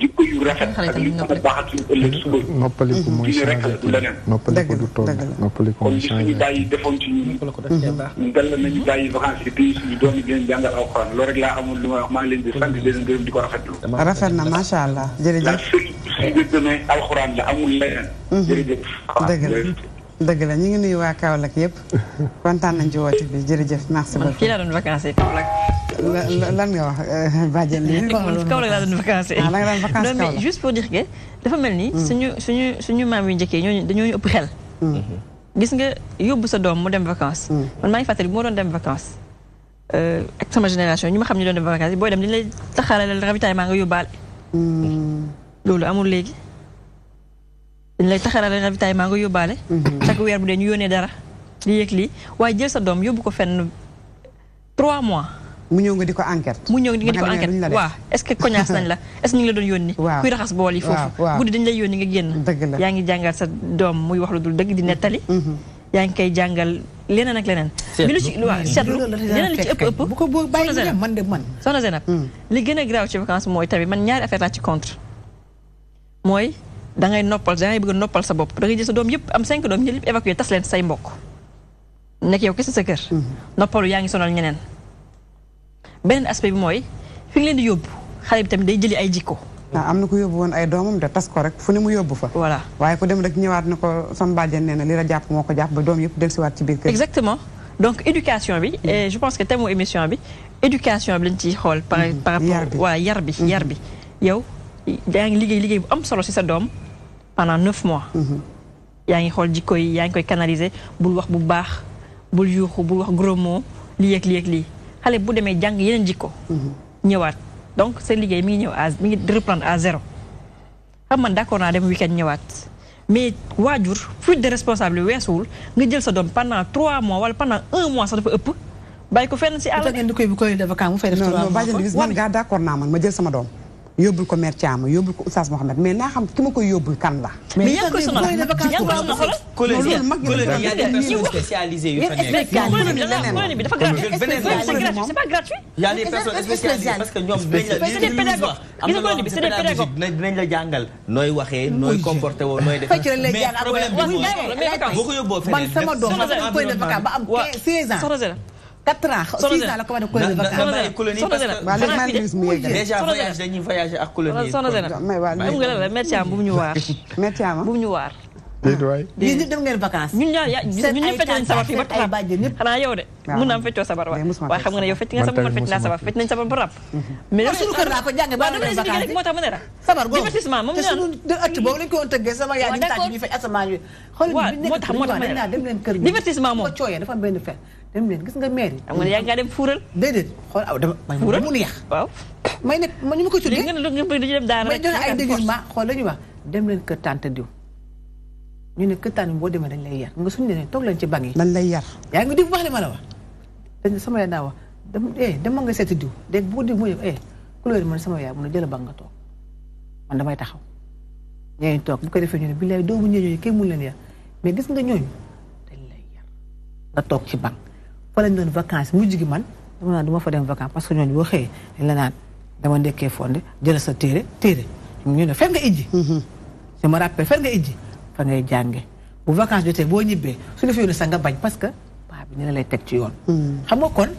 jikko yu rafet ak li mën a baaxal suñu ëllëg suba. noppaliku mooy changer du leneen. noppaliku du tool noppaliku mooy changer kon li suñu bàyyi defoon ci ñun. ñu dal nañu bàyyi vacances yi pays suñu doom yi di leen jàngal alxuraan loolu rek laa amoon lu ma wax maa ngi leen di sant di leen gërëm di ko rafetlu. rafet na macha allah jërëjëf. la suñu suñu demain alxuraan la amul leneen. Mhm. jërëjëf. dëgg la. dëgg la ñu ngi nuyu waa Kaolack yëpp kontaan nañ ci woote bi jërëjëf merci beaucoup. man fii laa doon vacances Kaolack. lan nga wax euh, Badiane lii. Kaolack laa doon vacances. ah la nga doon vacances Kaolack non mais juste pour dire que dafa mel ni. Hmm. suñu suñu suñu maam yu njëkkee ñooñu dañoo ëpp xel. Hmm. gis nga yóbbu sa doom mu dem vacances. Hmm. man maa ngi fàttali moo doon dem vacances. Euh, ak sama génération ñi ma xam ñu doon dem vacances booy dem dañu lay taxaaralal ravitaillement nga yóbbaale. loolu amul léegi. dañ lay taxarale ravitaillement nga yóbbaale mhm. chaque weer bu dee ñu yónnee dara li yëg lii waaye jël sa doom yóbbu ko fenn trois mois mu ñëw nga di ko enquête mu ñëw nga di ko enquête waaw est-ce la est-ce que ñu ngi la doon yónni kuy raxas bool yi foofu guddi dañ lay yónni nga génn yaa ngi jàngal sa doom muy wax lu dul dëgg di nettali mhm. yaa ngi koy jàngal leneen ak leneen bi lu ci waaw seetlu leneen li ci ëpp man de man soxna Zénab mm. li gën a graaw ci vacances mooy tamit man ñaari affaire laa ci contre mooy da ngay noppal da ngay bëgg noppal sa bopp da ngay jël sa doom yëpp am cinq doom yëpp évacué tas leen say mbokk nekk yow kese sa kër. Mhm. noppalu yaa ngi sonal ñeneen. beneen aspect bi mooy fi nga leen di yóbbu xale bi tamit day jëli ay jikko. waaw ah, am na ko yóbbu woon ay doomam de tas ko rek fu ni mu yóbbu fa. voilà waaye ku dem rek ñëwaat na ko sama bàjjen nee na li la jàpp moo ko jàpp ba doom yëpp dellusiwaat ci biir kër. exactement donc éducation bi. Mhm. et je pense que thème émission bi éducation bi lañ ciy xool. par par mhm. rapport voilà yar bi yar bi. yow yaa ngi liggéey liggéey bu am solo ci sa doom pendant 9 mois. Mhm. yaa ngi xool jikko yi yaa ngi koy canaliser bul wax bu baax bul yuuxu bul wax gros mot lii ak lii ak lii xale bu demee jàng yeneen jikko. Mhm. ñëwaat donc sa liggéey mi ngi ñëw mi ngi reprendre à zéro xam man d'accord naa dem week-end ñëwaat. mais wajur fuite de responsable weesuwul nga jël sa doom pendant 3 mois wala pendant 1 mois sax dafa ëpp bàyyi ko fenn si àll. bu fekkee koy bu koy def vacances mu fay def. trois mois non non bàyyi man gaa d'accord naa man ma jël sama doom. yóbbul ko mère Thiam yóbbul ko Oustaz Mohamed mais naa xam ki ma koy yóbbul kan la. mais yaa ngi koy sonal yaa ngi koy sonal. collège mag yi a personnes spécialisées yu fa nekk. bi dafa gratuit c'est pas gratuit. y a des personnes spécialisées parce que ñoom dinañ la jàngal. nooy waxee nooy comporté woo nooy def. mais problème bi mooy boo ko yóbboo feneen. man sama doom ba am 16 ans. quatre ans six ans la commencé colonie vacances colonie parce que déjà voyage dañuy voyager ak colonie soxna Zeynab xam nga la métier am bu mu ñu waar métier am bu mu ñu waar yéen ñëpp dem ngeen vacances ñun ñoo ñun ñëpp fecc nañ sabar fii ba taxaw xanaa yow de mun naa feccoo sabar waay waaye xam nga ne yow fecc nga sabar man fecc naa sabar fecc nañ sabar ba rap mm-hmm. mais suñu kër laa ko jàngee ba dama expliqué rek moo tax ma ne la sabar boobu divertissement moom ñu ëtt boobu lañ ko woon tëggee sama yaay di tàgg ñuy fecc asamaan yi xool moo tax moo tax ma ne la divertissement moom cooyee dafa benn fet dem leen gis nga maire yi. am nga yaa ngi dem fuural. déedéet xool aw dama may mu neex. waaw may ne ma ñu ma ko tuddee. léegi nag dem daara rek may joxe xool la ñuy wax dem leen kër tante ñu ne kër boo demee dañ lay yar nga suñu nee toog leen ci bank yi. dañ lay yar. yaa ngi dégg bu ma la wax. dañ sama yaay daa wax dem eh nga seeti diw dégg bu ko diw mu ne eh sama yaay mu ne jël bank nga toog man damay taxaw. ñooñu toog bu ko defee ñu ne billaay doomu ñooñu kay mun leen yar mais gis nga ñooñu dañ lay yar nga toog ci bank fa lañ doon vacances mujj gi man parce que ñooñu boo xëyee dañ la naan dama ndekkee fonde jël sa téere téere ñu ne fer nga ijji mhm. je me rappelle fer nga ijji fa ngay jànge bu vacances jotee boo ñibbee su la fi yónnee sax nga bañ parce que paa bi ne la lay teg ci yoon mhm. xam nga kon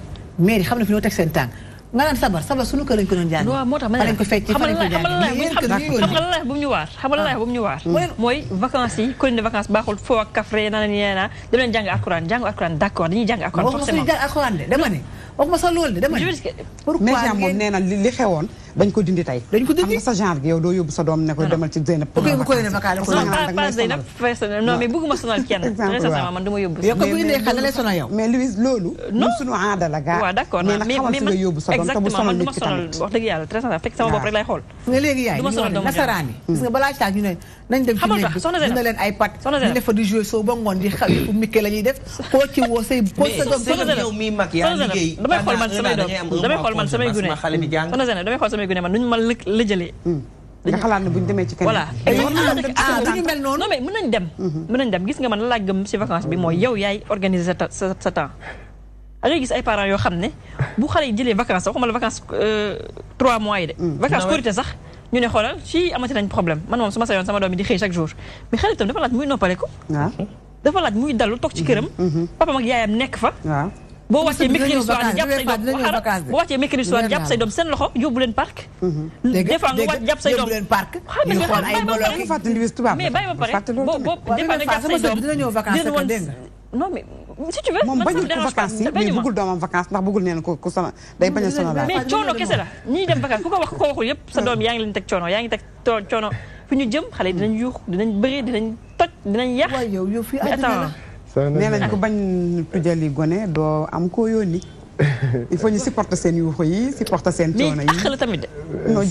mairie xam na fi ñoo teg seen tànk nga naan sabar sabar sunu kër lañ ko doon jàng. waaw moo tax ma ne la xamal la xamal la bu mu ñu waar xamal la ah. bu mu ñu waar. mooy vacances yi colonie de vacances baaxul foo ak kafre na nee na dem leen jàng alxuraan jàng alxuraan d'accord dañuy jàng alxuraan forcément waxuma suñu jàng alxuraan de dama ne waxuma sa loolu de dama ne. pourquoi ngeen mais nee na li xewoon dañ ko din tey. dañ ko dindi xam nga sa gu ne man nuñ ma lëjëlee hmm. nga xalaat ne buñ demee ci keneen voilà ah, ah dañu mel noonu non mais mën nañ dem hmm. gis nga man la laa gëm si vacance bi hmm. mooy yow yaay organiser sa sa temps da ngay gis ay parents yoo xam ne bu xale yi jëlee vacance waxuma la vacance euh, trois mois yi de vacance ah sax ñu ne xoolal si amati nañ problème man moom su ma sa sama doom bi di xëy chaque jour mais xale itam dafa laaj muy noppaleku dafa laaj muy dallu toog ci këram papa mag yaayam nekk fa boo wàccee mercredi soir ni jàpp say doom xaaral boo wàccee mercredi soir jàpp say doom seen loxo yóbbu leen parc mm-hmm. des fois nga wàcc jàpp say doom mais bàyyi ma pare boo boo des fois nga jàpp say doom dina woon non mais si tu veux moom bañul ko vacances yi mais bëggul doomam vacances ndax bëggul neen ko ku sama day bañ a sonal mais coono kese la ñiy dem vacances ku ko wax ku ko waxul yëpp sa doom yaa ngi leen teg coono yaa ngi teg coono fi ñu jëm xale dinañ yuux dinañ bëri dinañ toj dinañ yàq nee nañ ko bañ tujali gone doo am koo yónni il faut ñu supporter seen yuuxu yi supporter seen coono yi. mais tamit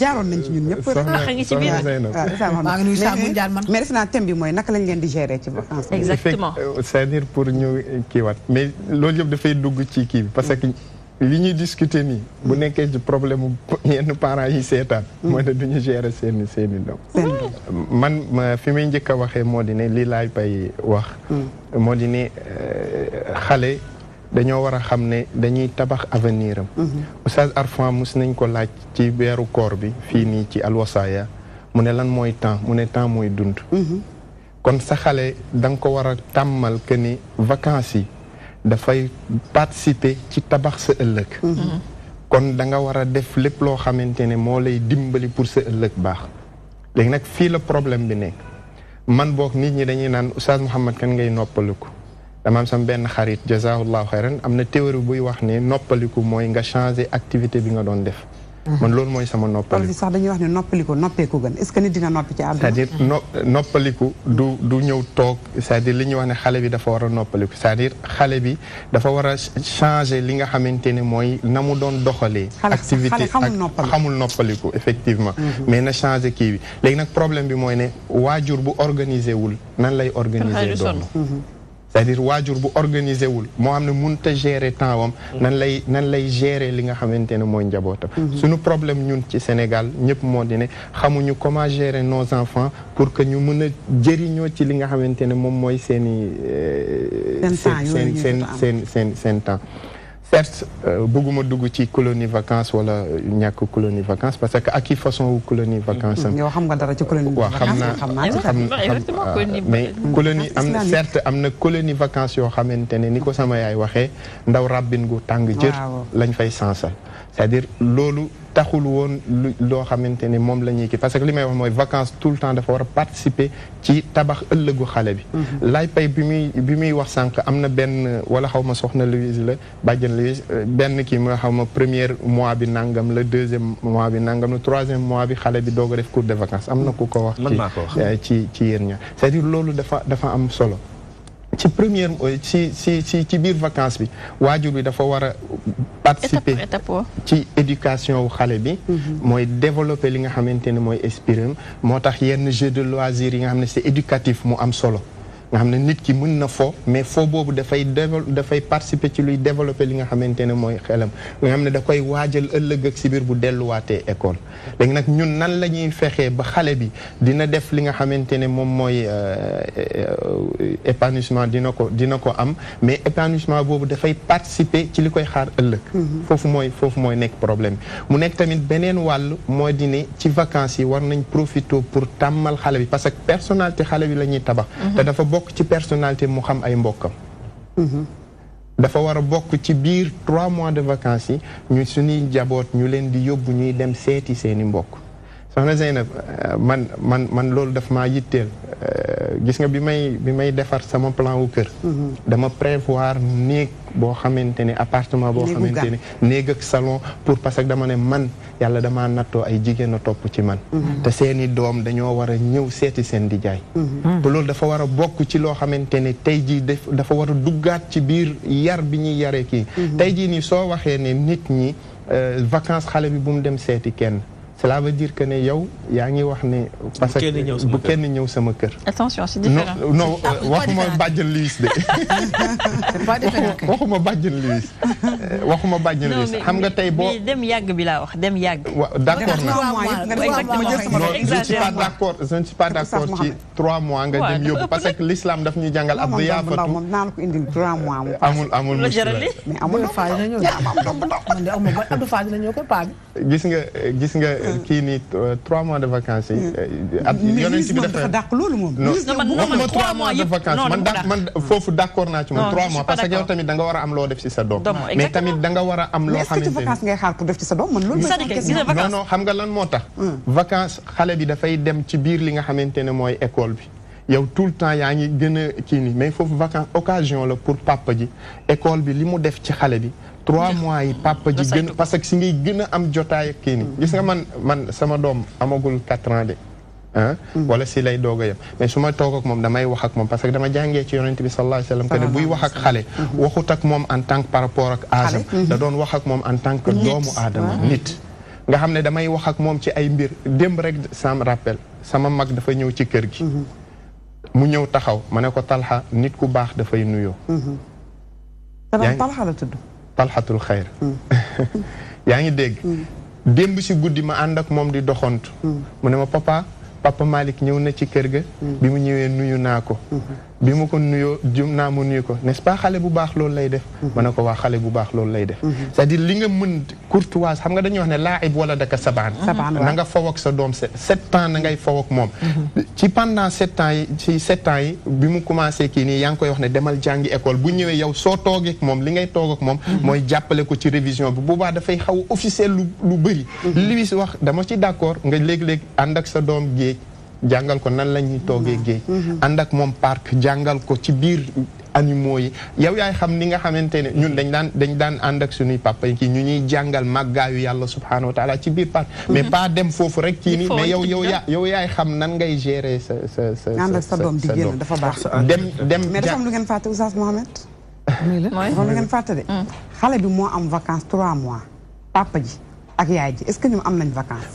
jaaroon nañ ci ñun ñëpp. soxna ah, soxna Seyna waaw ah, mais def naa thème bi mooy naka lañ leen di gérer ci vacances. exactement euh, cest à pour ñu kiiwaat mais lool yëpp dafay dugg ci kii bi parce que. li ñuy discuter nii bu nekkee problème mu yenn parents yi seetaan mooy ne du ñu gérer seeni seeni doom man fi may njëkk a waxee moo di ne lii laay bay wax hmm. moo di ne euh, xale dañoo war a xam ne dañuy tabax avenir am hmm. oustaz Arfan mus nañ ko laaj ci beeru koor bi fii nii ci alwasaaya mu ne lan mooy temps mu ne temps mooy dund hmm. kon sa xale da ko war a tàmmal que vacance yi dafay participer ci tabax sa ëllëg mhm. kon da nga war a def lépp loo xamante ne moo lay dimbali pour sa ëllëg baax léegi nag fii la problème bi nekk man boog nit ñi dañuy naan oustaz Mouhamed kan ngay noppaliku dama am sama benn xarit jazahullahu xayran am na théorie buy wax ne noppaliku mooy nga changer activité bi nga doon def Mm-hmm. man loolu mooy sama noppaliku. sax dañuy wax ne noppaliku noppeeku gën est-ce que nit dina noppi ci àdduna. cest noppaliku du du ñëw toog cest dire li ñuy wax xale bi dafa war a noppaliku cest dire xale bi dafa war a changer li nga xamante ne mooy na mu doon doxalee. activité ak xamul noppaliku effectivement. Mm-hmm. mais na changer kii bi léegi nag problème bi mooy ne waajur bu organiser wul nan lay organiser doom mm-hmm. c'est-à-dire waajur bu organisé wul moo xam ne mënut a gérer temps wam mm-hmm. nan lay nan lay gérer li nga xamante ne mooy njabootam. Mm-hmm. suñu problème ñun ci Sénégal ñëpp moo di ne xamuñu comment gérer nos enfants pour que ñu mën a jëriñoo ci li nga xamante ne moom mooy seeni i. Euh, seen seen seen seen seen certes euh, bëgguma dugg ci colonie vacances wala ñàkk colonie vacances parce que ak i façon wu colonie vacances am. yow xam nga dara ci colonie vacances waaw xam naa euh, mais colonie am na am na colonie vacances yoo xamante ne ni ko sama yaay waxee ndaw ràbbin gu tàng jër lañ fay sansal c'est-à-dire loolu. taxul woon lu loo xamante ni moom la ñuy kii parce que li may wax mooy vacances tout le temps dafa war a participer ci tabax ëllëgu xale bi. Mhm. lay pay bi muy bi muy wax sànq am na benn wala xaw ma soxna Louise la bàjjen Louise euh, benn kii ma xaw ma première mois bi nangam la deuxième mois bi nangam la troisième mois bi xale bi doog a def cours de vacances am na ku ko wax. Euh, ci ci yéen ñaar c'est-à-dire loolu dafa dafa am solo ci première euh, ci ci ci ci biir vacances, bi waajur bi dafa war a participer ci éducation wu xale bi mhm. mooy développer li nga xamante ne mooy esprit moo tax yenn jeu de loisir yi nga xam ne c'est éducatif mu am solo nga xam ne nit ki mën na fo mais fo boobu dafay dévelop dafay participer ci luy développer li nga xamante ne mooy xelam nga xam ne da koy waajal ëllëg ak si biir bu delluwaatee école léegi nag ñun nan la ñuy fexee ba xale bi dina def li nga xamante ne moom mooy euh, euh, épanouissement dina ko dina ko am mais épanouissement boobu dafay participer ci li koy xaar ëllëg mm-hmm. foofu mooy foofu mooy nekk problème mu nekk tamit beneen wàll moo di ne ci vacance yi war nañ profiter pour tàmmal xale bi parce que personnalité xale bi la ñuy tabax mm-hmm. bokk ci personnalité mu xam ay mbokkam mhm. dafa war a bokk ci biir trois mois de vacances yi ñu suñuy jaboot ñu leen di yóbbu ñuy dem seeti seeni mbokk soxna Zeynab euh, man man man loolu daf maa yitteel euh, gis nga bi may bi may defar sama plan wu kër. Mhm. dama prévoir néeg boo xamante ne appartement boo xamante ne néeg ak salon pour parce que dama ne man yàlla damaa nattoo ay jigéen a topp ci man. Mhm. te seeni doom dañoo war a ñëw seeti seen dijaay mhm. te loolu dafa war bokk ci loo xamante ne tey jii dafa war a duggaat ci biir yar bi ñuy yare kii. tey jii nii soo waxee ne nit ñi euh, vacances xale bi bum dem seeti kenn. cela veut dire que ne yow yaa ngi wax ne. parce que bu sama kër. attention c'est différent. non euh, non waxuma bàjjen Luis euh, waxuma bàjjen Luis. waxuma bàjjen Luis xam tey boo. dem yàgg bi laa wax dem yàgg. waaw d'accord non je ne suis pas d'accord je ne trois mois nga dem yóbbu parce que l'islam daf ñuy jàngal ab diyaafatu. naan ko indil trois mois mu. amul amul mu mais amul Abdou Fall nga. Euh, euh, kii nii euh, trois mois de vacances yi. ak yonent bi dafa dàq loolu moom. non trois mois de vacances man dàq man foofu d' accord naa ci moom trois mois parce que yow tamit da nga war a am loo def ci sa doom. mais tamit danga nga war am loo xamante ni vacances ngay xaar pour def ci sa doom man loolu. xam nga lan moo tax. vacances xale bi dafay dem ci biir li nga xamante ne mooy école bi. yow tout le temps yaa ngi gën a mais foofu vacances occasion la pour papa ji école bi li mu def ci xale bi trois mois yi papa ji gën parce que si ngay gën am jotaay ak kii mm. gis nga man man sama doom amagul quatre ans de ah mm. wala si lay doog a yem mais su ma toog ak moom damay wax ak moom parce que dama jàngee ci yonent bi sallallahu alayhi wasallam que ne buy wax ak xale mm-hmm. waxut ak moom en tant par rapport ak aadam mm-hmm. da doon wax ak moom en tant que doomu aadama nit nga xam ne damay wax ak moom ci ay mbir démb rek sam rappel sama mag dafa ñëw ci kër gi mm-hmm. mu ñëw taxaw ma ne ko talxa nit ku baax dafay nuyoo talxa la tudd talxatul xayr mm. yaa ngi dégg mm. démb si guddi ma ànd ak moom di doxantu mm. mu ne ma papa papa Malick ñëw na ci kër gi bi mu ñëwee nuyu naa ko mm-hmm. bi mu ko nuyoo jum naa mu nuyu ko n'est-ce xale bu baax loolu lay def mm-hmm. ma ne ko waa xale bu baax loolu lay def mm-hmm. c'est-à-dire li nga mën courtoise xam nga dañuy wax ne laaib wala daka sabaan mm-hmm. na nga fow ak sa doom sept ans na ngay fow ak moom ci pendant sept ans yi ci sept yi bi mu commencé kii nii yaa ngi koy wax ne demal jàngi école bu ñëwee yow soo toogeek moom li ngay toog ak moom mooy jàppale ko ci révision bi boobaa dafay xaw officiel lu lu bëri li wis wax dama ci d'accord nga léeg-léeg ànd ak sa doom géej jàngal ko nan la ñuy toogee géej ànd ak moom park jàngal ko ci biir animaux yi yow yaay xam ni nga xamante ne ñun dañ daan dañ daan ànd ak suñuy papa yi kii ñu ñuy jàngal màggaayu yàlla subhaanahu wa taala ci biir parc mhm. mais pas dem foofu rek kii ni mais yow yow yaa yow yaay xam nan ngay gere sa sa sa ànd ak sa doom di génn dafa baax dem dem mais dafa ngeen fàtte Oustaz Mohamed dafa am lu ngeen fàtte bi moo am vacances trois mois papa ji ak yaay ji est-ce que ñoom am nañ vacances.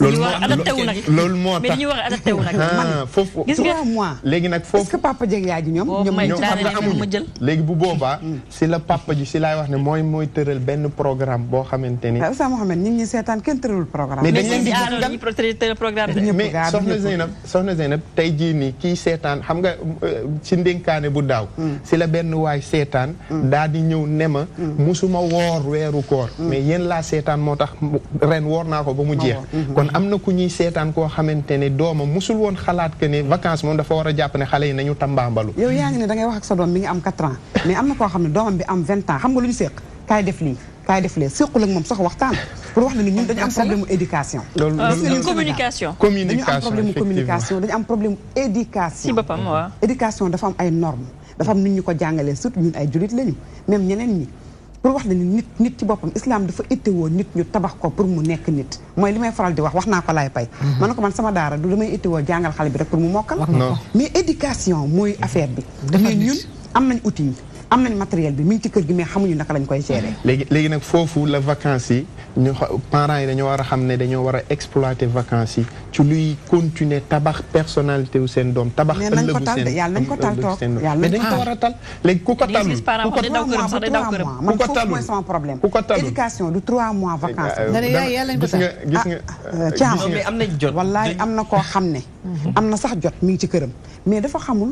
loolu moo tax a ah, foofu gis nga léegi nag foofu est-ce ji ñoom. ñoom ñoom xam nga amuñu léegi bu boobaa. Hmm. si la papa ji si laay wax ne mooy mooy tëral benn programme boo xamante ni. waaw ah, Ousseyn Mouhamed ñu ngi seetaan kenn tëralul programme. mais dañu leen di tëral programme de. mais soxna Zeynab soxna Zeynab tey jii nii kii seetaan xam nga euh, si ndénkaane bu daaw. Hmm. si la benn waay seetaan. Hmm. daal di ñëw ne ma. musuma woor weeru koor mais yéen laa seetaan moo tax ren woor naa ko ba mu jeex ah, ah. kon am na ku ñuy seetaan koo xamante ne doomam musul woon xalaat que ne vacance moom dafa war a jàpp ne xale yi nañu tambaambalu yow yaa ngi ne da ngay wax ak sa doom mi ngi am 4 ans mais am na koo xam ne doomam bi am 20 ans xam nga lu ñu seeq kaay def lii kaay def am problème éducation communication dañu am problème éducation dafa am ay normes dafa am nit ñu ko jàngalee surtout ñun ay julit lañu même ñeneen ñi pour wax la nit nit ci boppam islaam dafa ittewoo nit ñu tabax ko pour mu nekk nit mooy li may faral di wax wax naa ko laay pay mhm. man na ko man sama daara du damay ittewoo jàngal xale bi rek pour mu mokkal mais éducation mooy affaire bi mais ñun am nañ uti yi am nañ matériel bi mi ngi ci kër gi mais xamuñu naka lañ koy gérer. léegi léegi nag foofu la vacances yi ñu parents yi dañoo war a xam ne dañoo war a exploiter vacances yi ci luy continuer tabax personnalité wu seen doom. tabax ëllëgu seen yàlla nañ ko tal toog yàlla nañ ko tal war a tal léegi ku ko tal ku ko talul man foofu mooy sama problème. ku ko talul éducation du 3 mois eh, vacances. Euh, nga ne yàlla nañ ko tal gis nga ah, euh, euh, gis nga. am na jot wallaay am na koo xam ne. Mhm. am na sax jot mi ngi ci këram mais dafa xamul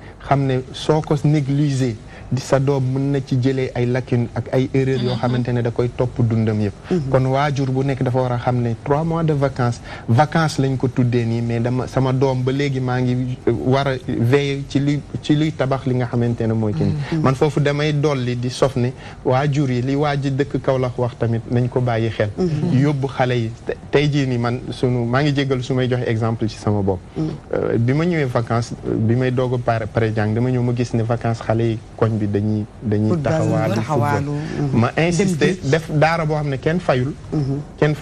xam ne soo ko négliger sa doom mën na ci jëlee ay lacune ak ay erreur yoo mhm. xamante ne da koy topp dundam yëpp mhm. kon waajur bu nekk dafa war a xam ne trois mois de vacances vacance lañ ko tuddee nii mais dama sama doom ba léegi maa ngi euh, war a veiller ci luy ci luy tabax li nga xamante ne mooy kii mhm. man foofu damay dolli di sof ni waajur yi li waa ji dëkk Kaolack wax tamit nañ ko bàyyi xel yóbbu xale yi tey jii nii man sunu maa ngi jégal su may joxe exemple ci sama bopp euh, bi ma ñëwee vacance euh, bi may doog a pare jàng dama ñëw ma gis ne vacance xale yi koñ bi dañuy dañuy taxawaalu uh-huh. ma insister def daara boo xam ne kenn fayul uh-huh. kenn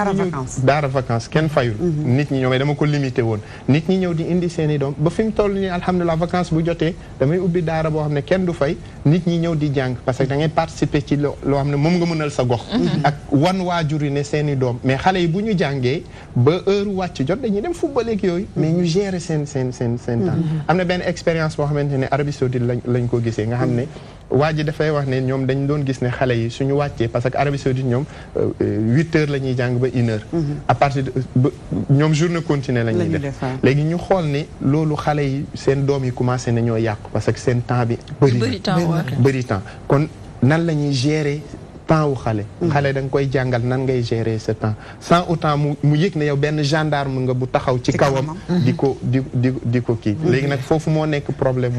daara vacance daara vacance kenn fayul. Mhm. nit ñi ñoom dama ko limité woon. nit ñi ñëw di indi seen i doom ba fi mu toll nii alhamdulilah vacance bu jotee damay ubbi daara boo xam ne kenn du fay nit ñi ñëw di jàng parce que da ngay participer ci loo xam ne moom nga mënal sa gox. Mhm. ak wan waajur yi ne seeni doom mais xale yi bu ñu jàngee ba heure wàcc jot dañuy dem football léegi yooyu. mais ñu gérer seen seen seen seen temps. Mhm. am na benn expérience boo xamante ne Arabie Saoudite lañ lañ ko gisee nga xam ne. waa ji dafay wax ne ñoom dañ doon gis ne xale yi suñu wàccee parce que Arabie Saoudite ñoom euh, huit heures la ñuy jàng ba une heure mm-hmm. à partir de ñoom journée continue la ñuy def léegi ñu xool ne loolu xale yi seen doom yi commencé nañoo yàq parce que seen temps bi bëri bëri temps kon nan la ñuy gérer temps wu xale mm. xale da nga koy jàngal nan ngay gérer ce temps sans autant mu mu yëg ne yow benn gendarme nga bu taxaw ci kawam di mm-hmm. ko di di di ko kii mm-hmm. léegi nag foofu moo nekk problème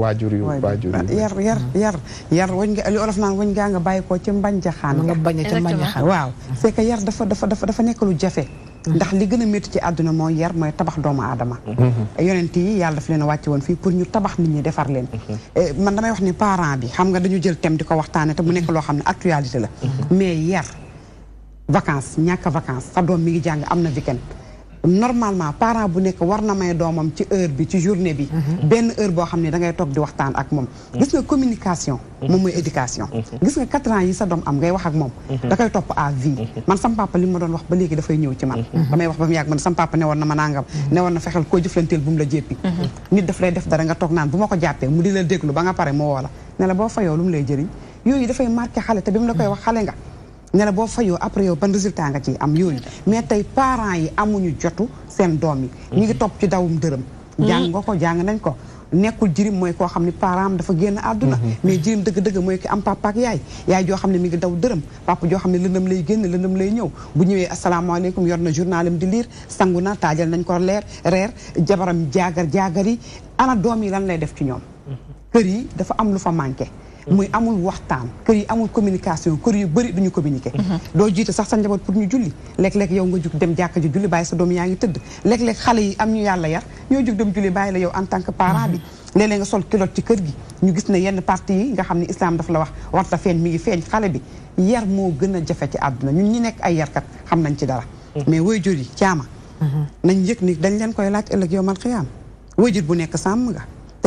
waajur yu waajur yu ah, mm-hmm. yar yar yar yar wañ nga li olof naan wañ ngaa nga bàyyi ko ci mbañ jaxaan nga bañ a ca mbañ waaw c'est que yar dafa dafa dafa dafa nekk lu jafe ndax li gën a métti ci àdduna mooy yar mooy tabax doomu aadama mm-hmm. yonent yi yàlla daf leen a woon fii pour ñu tabax nit ñi defar leen mm-hmm. eh, man damay wax ni parent bi xam nga dañu jël thème di ko waxtaane te mu nekk loo xam ne actualité la mm-hmm. mais yar vacances ñàkk vacances sa doom mi ngi jàng am na weekend normalement parent bu nekk war na may doomam ci heure bi ci journée bi. Mhm. benn heure boo xam ne da ngay toog di waxtaan ak moom. Mhm. gis nga communication. Mhm. moom mooy éducation. gis nga quatre ans yi sa doom am ngay wax ak moom. da koy topp à man sam papa li ma doon wax ba léegi dafay ñëw ci man. damay wax ba mu yàgg man sam papa na ma nangam. ne woon na fexeel koo jëflanteel bu la jéppi. nit daf lay def dara nga toog naan bu ma ko jàppee mu di la déglu ba nga pare mu woo la la boo fayoo lu mu lay jëriñ la wax xale nga. ne la boo fayoo après yow ban résultat nga ciy am yooyu mais tey parents yi amuñu jotu seen doom yi ñu ngi topp ci dawum dërëm mm-hmm. jàng nga ko jàng nañ ko nekkul jirim mooy koo xam ne parent am dafa génn àdduna mm-hmm. mais jirim dëgg-dëgg mooy ki am papa ak yaay joo xam ne mi ngi daw dërëm papa joo xam ne lëndëm lay génn lëndëm lay ñëw bu ñëwee asalaamaaleykum yor na journalam di liir sangu na taajal nañ ko leer reer jabaram jaagar jaagar yi ana doom yi lan lay def ci ñoom mm-hmm. kër yi dafa am lu fa manqué muy amul waxtaan kër yi amul communication kër yu bëri duñu communiqué mhm. doo jiite sax sa njaboot pour ñu julli léeg-léeg yow nga jug dem jàkka ji julli bàyyi sa doom yaa ngi tëdd léeg-léeg xale yi am ñu yàlla yar ñoo jug dem julli bàyyi la yow en tant que parent bi mhm. léeg-léeg nga sol culotte ci kër gi ñu gis ne yenn parti yi nga xam ne islam daf la wax warta feeñ mi ngi feeñ xale bi yar moo gën a jafe ci àdduna ñun ñi nekk ay yar kat xam nañ ci dara mhm. mais waajur yi caama nañ yëg ni dañ leen koy laaj ëllëg yow man xiyaam waajur bu nekk sàmm nga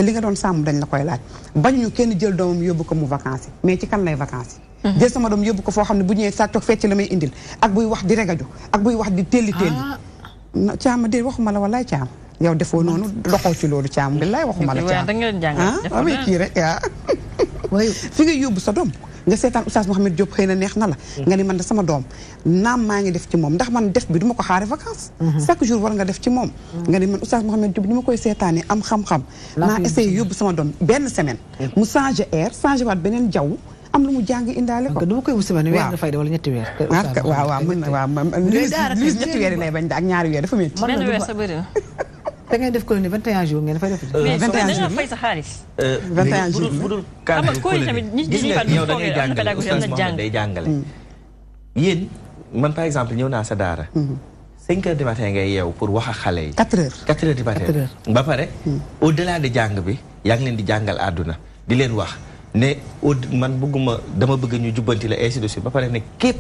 li nga doon sàmm dañ la koy laaj bañuñu kenn jël doomam yóbbu ko mu vacances mais ci kan lay vacances mhm. jël sama doom yóbbu ko foo xam ne bu ñëwee sàcc ak fecc la may indil ak buy wax di regaju ak buy wax di telli telli ah. caama de waxuma la walaay caam yow defoo noonu doxoo ci loolu caam billaay waxuma la caam ah waaw kii rek ah fi nga yóbbu sa doom nga seetaan oustaz Mouhamed Diop xëy na neex na la nga ni man da sama doom naam maa ngi def ci moom ndax man def bi du ma ko xaare vacances mhm. chaque jour war nga def ci moom mhm. nga ni man oustaz Mouhamed Diop ni ma koy seetaane am xam-xam naa essayé yóbbu sama doom benn semaine mhm. mu changé air changé waat beneen jaww am lu mu jàng indaale ko. dama koy wut semaine weer nga fay wala ñetti weer. Ah, waaw waaw mën weer lay bañ da ak ñaari weer dafa métti. na da ngeen def colonie 21 jours ngeen euh, fay def. 21 jours mais sa xaalis. 21 euh, jours bu dul tamit ñi ñuy fàttali ñu foogee am na mm. man par exemple ñëw naa sa daara. 5 mm-hmm. heures ngay yeew pour wax ak xale yi. 4 heures 4 heures du ba pare. Mm. au delà de jàng bi yaa ngi leen di jàngal àdduna di leen wax ne au man bëgguma dama bëgg ñu jubbanti la ainsi de ba pare ne képp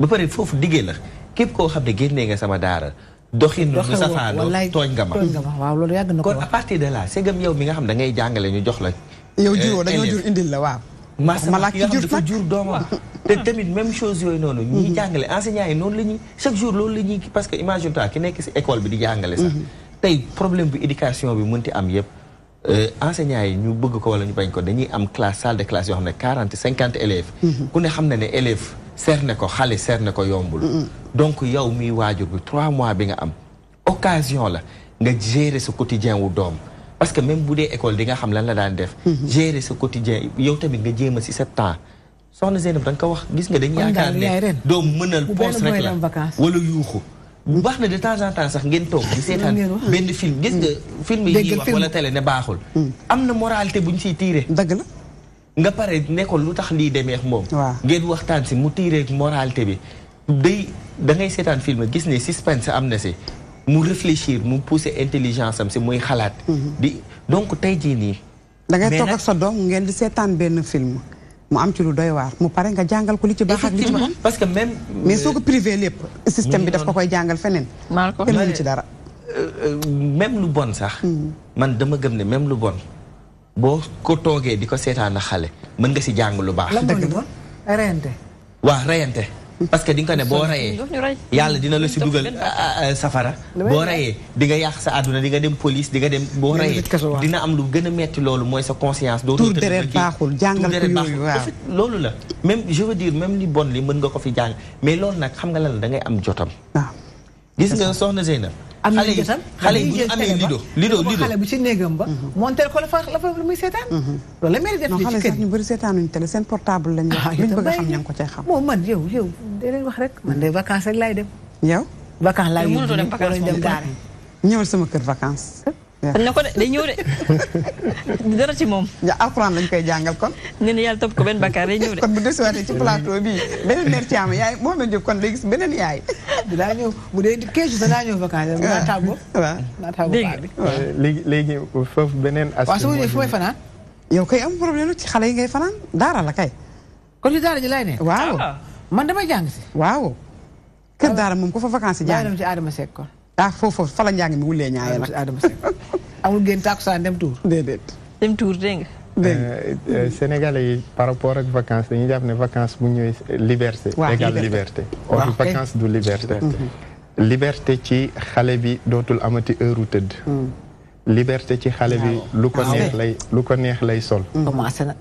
ba pare foofu diggee la képp koo xam ne génnee nga sama daara. doxin lu safaanoo tooñ nga ma waaw loolu yàgg na ko kon à partir de là segam yow mi nga xam da ngay jàngale ñu jox la. Eh, yow eh, juróo dañoo jur indil la waaw. ma la ki jur ko jur doomam te tamit même chose yooyu noonu ñiy mhm. jàngale enseignants yi noonu la ñuy chaque jour loolu la ñuy parce que imagine toi ki nekk si école bi di jàngale sax mhm. tey problème bi éducation bi mënti am yëpp euh, enseignants yi ñu bëgg ko wala ñu bañ ko dañuy am classe salle de classe yoo xam ne quarante cinquante élèves mhm. ku ne xam na ne élèves cerner ko xale cerner ko yombul. donc yow mi waajur bi trois mois bi nga am occasion la nga gérer sa quotidien wu doom parce que même bu dee école di nga xam lan la daan def. Mm-hmm. gérer sa quotidien yow tamit nga jéem a si sa temps. soxna Zeynab da nga ko wax gis nga dañu yaakaar ne doom mënal poos rek la wala yuuxu bu baax na de temps en temps sax ngeen toog di seetaan benn film gis nga mm. film yi ñuy wax wala télé ne baaxul mm. am na moralité bu ñu siy tiire la nga pare ne ko lu tax lii demeex moom. ngeen waxtaan si mu tiireeg moralité bi. day da ngay seetaan film gis ne suspense am na si mu réfléchir mu pouse intelligence am si muy xalaat. Mhm. donc tey jii nii. da toog ak sa doom ngeen di seetaan benn film. mu am ci lu doy waar mu pare nga jàngal ko li ci baax ak li parce que même. mais soo ko euh, privé lépp. système bi daf ko koy jàngal feneen. maa ko ci dara. Euh, euh, même lu bon sax. Mhm. man dama gëm ne même lu bon. boo ko toogee di ko seetaan a xale mën nga si jàng lu baax. reyante. waaw reyante. parce que di nga ko ne boo reyee yàlla dina la si dugal ah, ah, ah, safara boo reyee di nga yàq sa àdduna di nga dem police di nga dem boo reyee dina am lu gën a metti loolu mooy sa conscience doo tur deret baaxul jàngal ko loolu la même je veux même li bon li mën nga ko fi jàng mais loolu nag xam nga la da ngay am jotam gis nga soxna Zeynab bu ñu amee lido lido lido xale bu ci néegam ba mhm. montel ko la fa la fa muy seetaan mhm. loolu la mel def ci kër ñu portable lañu ah, luñ bëgg a xam ña ngi ko cay xam moom man yow yow da leen wax rek man de vacances rek laay dem yow Eh. dañ ko de day ñëw de dara ci moom. ja alxuraan lañ koy jàngal kon. ñu ne yàlla ko benn bakkaar day ñëw de. kon bu desewaatee ci plateau bi beneen mère Thiam yaay moo la jóg kon day gis beneen yaay. dinaa ñëw bu dee keesu sax daa ñëw vacances. Ah. waaw tàggoo naa tàggoo baax bi. Eh, léegi léegi foofu beneen. as waaw su am problème ci xale yi ngay fanaan daara la kay. kon ci daara ji lay ne. waaw ah. man dama jàng si. waaw. kër daara moom ko fa vacances jàng. maa ngi dem ci Adama Seck ah foofu fa la njàng mi wulee ñaayee nag Adama amul génn tàkkusaan dem tuur tuur dégg nga euh, euh, yi par rapport ak vacances dañuy jàpp ne vacances bu ñëwee liberté égal liberté du liberté mhm. liberté ci xale bi dootul amati heure u tëdd mm. liberté ci xale bi lu ko ah, neex lay lu ko neex lay sol. Mm. commencé na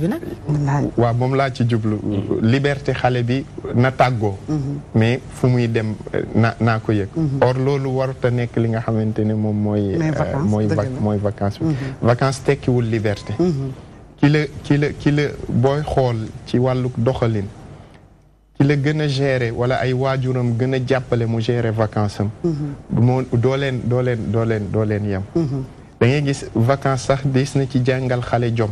bi nag. waaw moom laa ci jublu. Mm-hmm. liberté xale bi na tàggoo. Mm-hmm. mais fu muy dem na naa ko yëg. Mm-hmm. or loolu warut a nekk li nga xamante ni moom mooy. Euh, mooy vacance vacance bi. vacance tekkiwul liberté. ki la ki la booy xool ci wàllu doxalin. ci la gën a gérer wala ay waajuram gën a jàppale mu gérer vacance am mhm. moo doo leen doo leen doo leen yem mhm. da ngay gis vacance sax dis na ci jàngal xale jom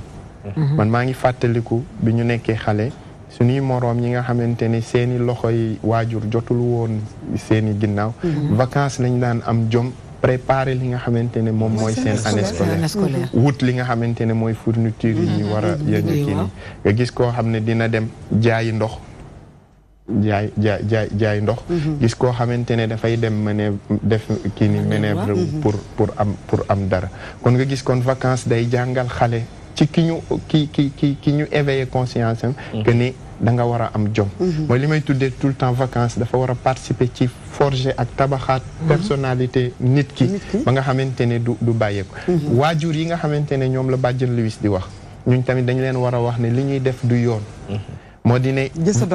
mhm. man maa ngi fàttaliku bi ñu nekkee xale suñuy moroom ñi nga xamante ni seeni loxo yi waajur jotul woon seeni ginnaaw vacance lañ daan am jom préparer li nga xamante ne moom mooy seen année scolaire wut li nga xamante ne mooy fourniture yi ñu war a yéen gis koo xam ne dina dem jaayi ndox jaay jaay jaay jaay ndox. Mhm. gis koo xamante ne dafay dem manœuvre def kii ni manœuvre pour am pour am dara kon nga gis kon vacances day jàngal xale ci ki ñu ki ki ki ki ñu éveiller conscience am. Mhm. ni danga nga a am jom. Mhm. mooy li may tuddee tout le temps vacances dafa war a participer ci forger ak tabaxaat. personnalité nit ki. ba nga xamante ne du du bàyyeeku. waajur yi nga xamante ne ñoom la lu wis di wax ñun tamit dañu leen war a wax ne li ñuy def du yoon. moo di ne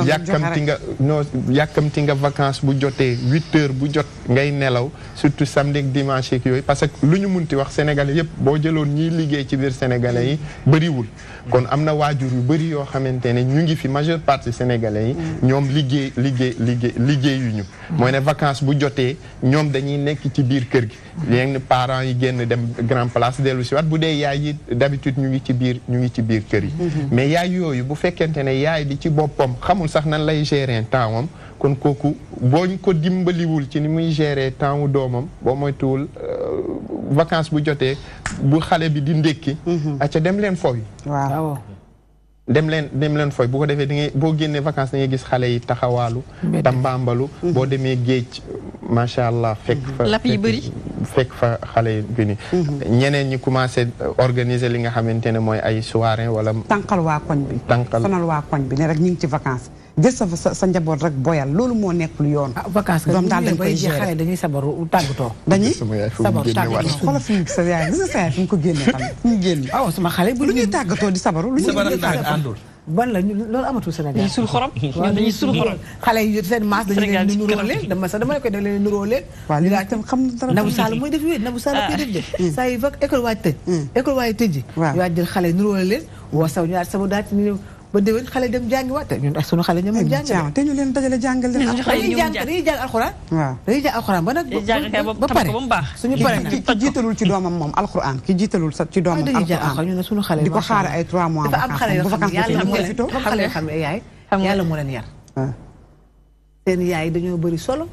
yàkkamti nga non yàkkamti nga vacances bu jotee huit heures bu jot ngay nelaw surtout samedi ak dimanche ak yooyu parce que lu ñu mun ti wax sénégalais yëpp boo jëloon ñiy liggéey ci biir sénégalais yi bëriwul kon am na waajur yu bëri yoo xamante ne ñu ngi fi majeure partie sénégalais yi mm. ñoom liggéey liggéey liggéey liggéeyuñu mm. mooy ne vacance bu jotee ñoom dañuy nekk ci biir kër gi léegi parent yi génn dem grand place dellu si waat bu dee yaay yi d'habitude ñu ngi ci biir ñu ngi ci biir kër yi mm-hmm. mais yaay ci boppam xamul sax nan lay gere temps am kon kooku booñ ko dimbaliwul ci ni muy gérer temps doomam boo moytuwul euh, vacances bu jotee bu xale bi di ndekki mhm. acca dem leen fooy. dem leen dem leen fooy bu ko defee di ngay boo génnee vacances da ngay gis xale yi taxawaalu. tambaambalu mhm. boo demee géej macha allah. fekk mhm. fa lap yi bëri fekk fa xale yi guni mhm. ñeneen ñi commencé organiser li nga xamante ne mooy ay soirée wala. tànqal waa koñ bi. tànqal sonal waa koñ bi ne rek ñu ngi ci vacances. jël sa sa sa njaboot rek boyal loolu moo nekk lu yoon. ah vacances dañ koy gérer dañuy sabaru tàggatoo. dañuy sabaru tàggatoo xoolal fi mu sa yaay gis nga sa yaay fi mu ko génnee tamit fi mu génne. Ah, waaw sama xale bu lu ñuy tàggatoo di sabaru lu ñuy tàggatoo. ban la loolu amatul Sénégal. sul xorom dañuy sul xorom. xale yi seen maas dañu leen nuroo leen dama sax dama ne ko da leen nuroo leen. waaw li nga xam xam dara. Nabou Sall mooy def yooyu Nabou Sall koy def de. Mm. saa yu fekk école waay tëj. Mm. école waay tëj. waaw yoo jël xale nuroo leen woo saw ñaar sama daal ci ba déwén xalé dem jangi te ñun ak suñu xalé xale ñoom jangi te ñu leen dajale jangal leen dañuy jàng dañuy jàng alxuraan waaw dañuy jàng alxuraan ba nag ba pare suñu pare ki jiitalul ci doomam moom alxuraan ki jiitalul ci doomam alxuraan ñu na suñu xalé diko xaar ay 3 mois dafa am xale yoo xam ne mo moo leen xale xalé xam ne yaay yàlla mo leen yar seen yaay dañu bari solo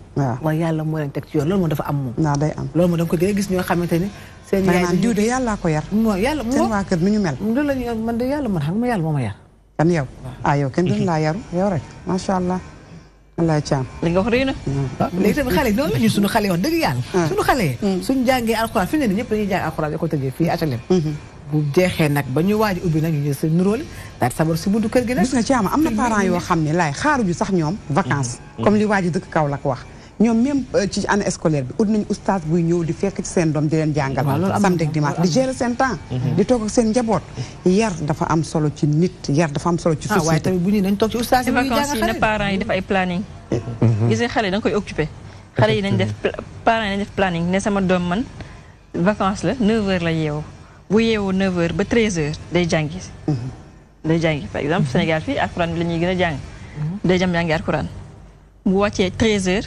wa yàlla mo leen tek ci yoon lool mo dafa am mom na day am lool mo dang ko gëna gis ñoo xamanteni seen yaay diw de yàlla ko yar mo moo mo seen wa kër nu ñu mel lool la ñu man de yàlla man xam nga yàlla ma yar kan yow ah yow kenn duñ laa yaru yow rek macha allah. wallaay caam li nga wax rëy na. Hmm. Ah, léegi tamit xale noonu la ñu suñu xale wax dëgg yàlla. Ah. suñu xale hmm. suñu jàngee alxuraan fi ne nii ñëpp dañuy jàng alxuraan yoo ko tëjee fii HLM. bu jeexee nag ba ñu waaj ubbi nag ñu jël sa nuróole daal sabar si buntu kër gi nag. gis nga caama am na parents yoo xam ne laay xaaruñu sax ñoom. vacances hmm. comme li waaj dëkk Kaolack wax. ñoom même euh, ci année scolaire bi ut nañu oustaz buy ñëw di fekk ci seen doom di leen jàngal samedi ak dimanche di gérer seen temps mhm. di toog seen njaboot yar dafa am solo ci nit yar dafa am solo ci ah, société waaye tamit bu ñu dañ toog ci oustaz yi vacances yi na parents yi def ay planning mhm. gis nga da koy occupé xale yi nañ def parents yi nañ def planning ne sama doom man vacances la 9h la yeewoo bu yeewoo 9h ba 13h day jàngi mhm. day jàngi par exemple Sénégal fii alxuraan bi la ñuy gën a jàng day jam jàngi alxuraan bu wàccee 13h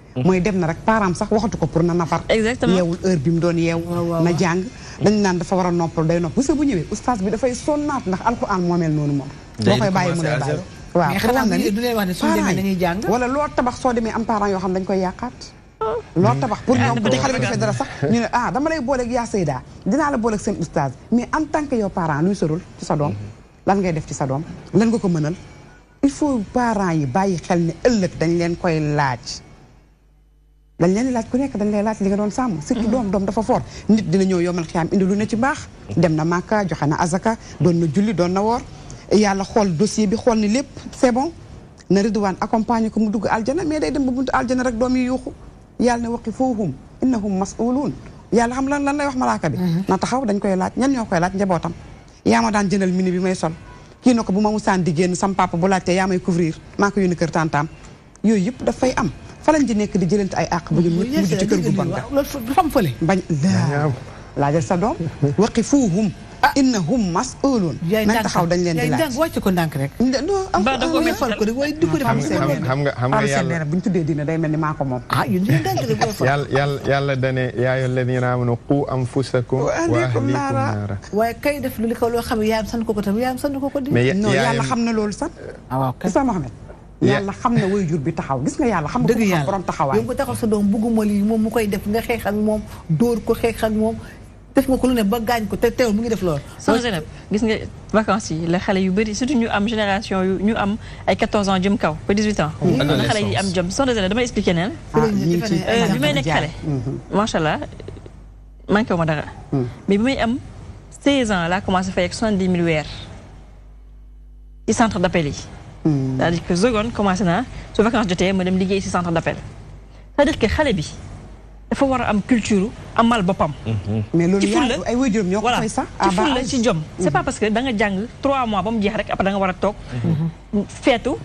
Mm-hmm. mooy dem na rek parent sax waxatu ko pour na nafar exactement yeewul heure bi mu doon yeew na jàng dañ naan dafa war nopp noppal day nopp bu ñëwee oustaz bi dafay sonnaat ndax alquran moo mel noonu moom boo koy bàyyi mu a bàyyi waaw wax na ni parent wala loo tabax soo demee am parent yoo xam dañ koy yaakaat loolu tabax pour ñoom bu mm-hmm. xale bi defee dara sax ah, dama lay booleeg yaa Seyda dinaa la booleeg seen oustaz mais en tant que yow parent luy sorul ci sa doom mm-hmm. lan ngay def ci sa doom lan nga ko mënal il faut parents yi bàyyi xel ne ëllëg dañ leen koy laaj dañ leen laaj ku nekk dañ lay laaj li doon sàmm surtout mhm. doom doom dafa fort nit dina ñëw yomal xiyaam indi lu ne ci baax mhm. dem na Màkka joxe na azaka doon na julli doon na woor yàlla xool dossier bi xool ni lépp c'est bon na Ridwaan accompagné ko mu dugg aljana mais day dem ba buntu aljana rek doom yi yuuxu yàlla ne waqifuuhum innahum mas'uluun yàlla xam lan lan lay wax ma laaka bi mhm. na taxaw dañ koy laaj ñan ñoo koy laaj njabootam yaa ma daan jëndal mini bi may sol kii na ko bu ma musaan di génn sam papa bu laajtee yaa may couvrir maa ko yónni yooyu yëpp dafay am fa lañ di nekk di jëlante ay àq ba ñu mujj ci kër gu bon ga fam fële bañ laa laajal sa doom waqifuuhum ah. innahum mas'uulun nañ taxaw dañ leen di laaj wàcc ko ndànk rek xam nga xam nga yàlla bu ñu tuddee dina day mel ni maa ko moom ah, yàlla yàlla yàlla dane yaa ayyuha lladiina aamanu quu anfusakum wa ahliikum naara waaye kay def lu li ko loo xam yaayam sant ko ko tam yaayam sant ko ko di mais yàlla xam na loolu sax ah, waaw kay sa Mohamed yàlla xam na way jur bi taxaw gis nga yàlla xam ko borom taxawaay yow nga taxaw sa doom bëgguma lii moom mu koy def nga xeex ak moom dóor ko xeex ak moom def nga ko lu ne ba gaañ ko te teew mu ngi def loolu. soxna Zeynab gis nga vacances yi la xale yu bëri surtout ñu am génération yu ñu am ay 14 ans jëm kaw ba 18 ans. na xale yi am jëm soxna Zeynab damay expliqué neen. Ah, euh, bi may nekk xale. Mm-hmm. macha allah manqué ma dara. Mm. mais bi may am 16 ans laa commencé fay ak 70 000 weer. ci centre d'appel yi. c'est-à-dire que seconde commencé naa su vacance jotee ma dem liggéey si centre d'appel cest dire que xale bi dafa war am culture amal boppam. Hmm. mais loolu yaa ay wéjuram ñoo ko fay sax. Ah, jom. c'est hmm. pas parce que da nga jàng trois mois ba mu jeex rek a da nga war a toog. Hmm. feetu.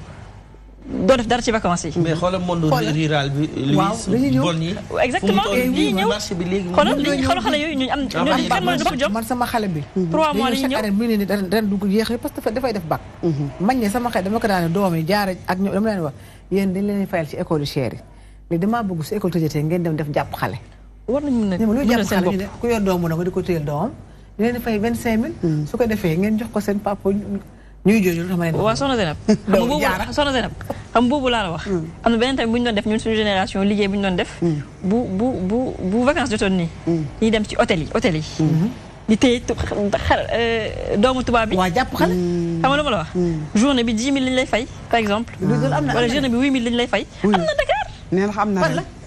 doo def dara ci vacances yi. mais xoolal monde rural bi. waaw bi. 3 ah, mhm. su a a mhm. jox ko seen papa ñuy jooju xam nga. waaw soxna Zeynab. boobu jaara soxna laa la wax. Hmm. am na beneen tamit bu def ñun suñu génération liggéey bu ñu doon def. Hmm. bu bu bu bu vacances jotoon nii. Hmm. ñuy dem ci hôtel yi hôtel yi. di téye euh, doomu tubaab bi. waa jàpp xale. xam nga lu ma la wax. journée bi 10 000 lay fay par exemple. wala journée bi 8 000 lañ lay fay. am na Dakar. am na xam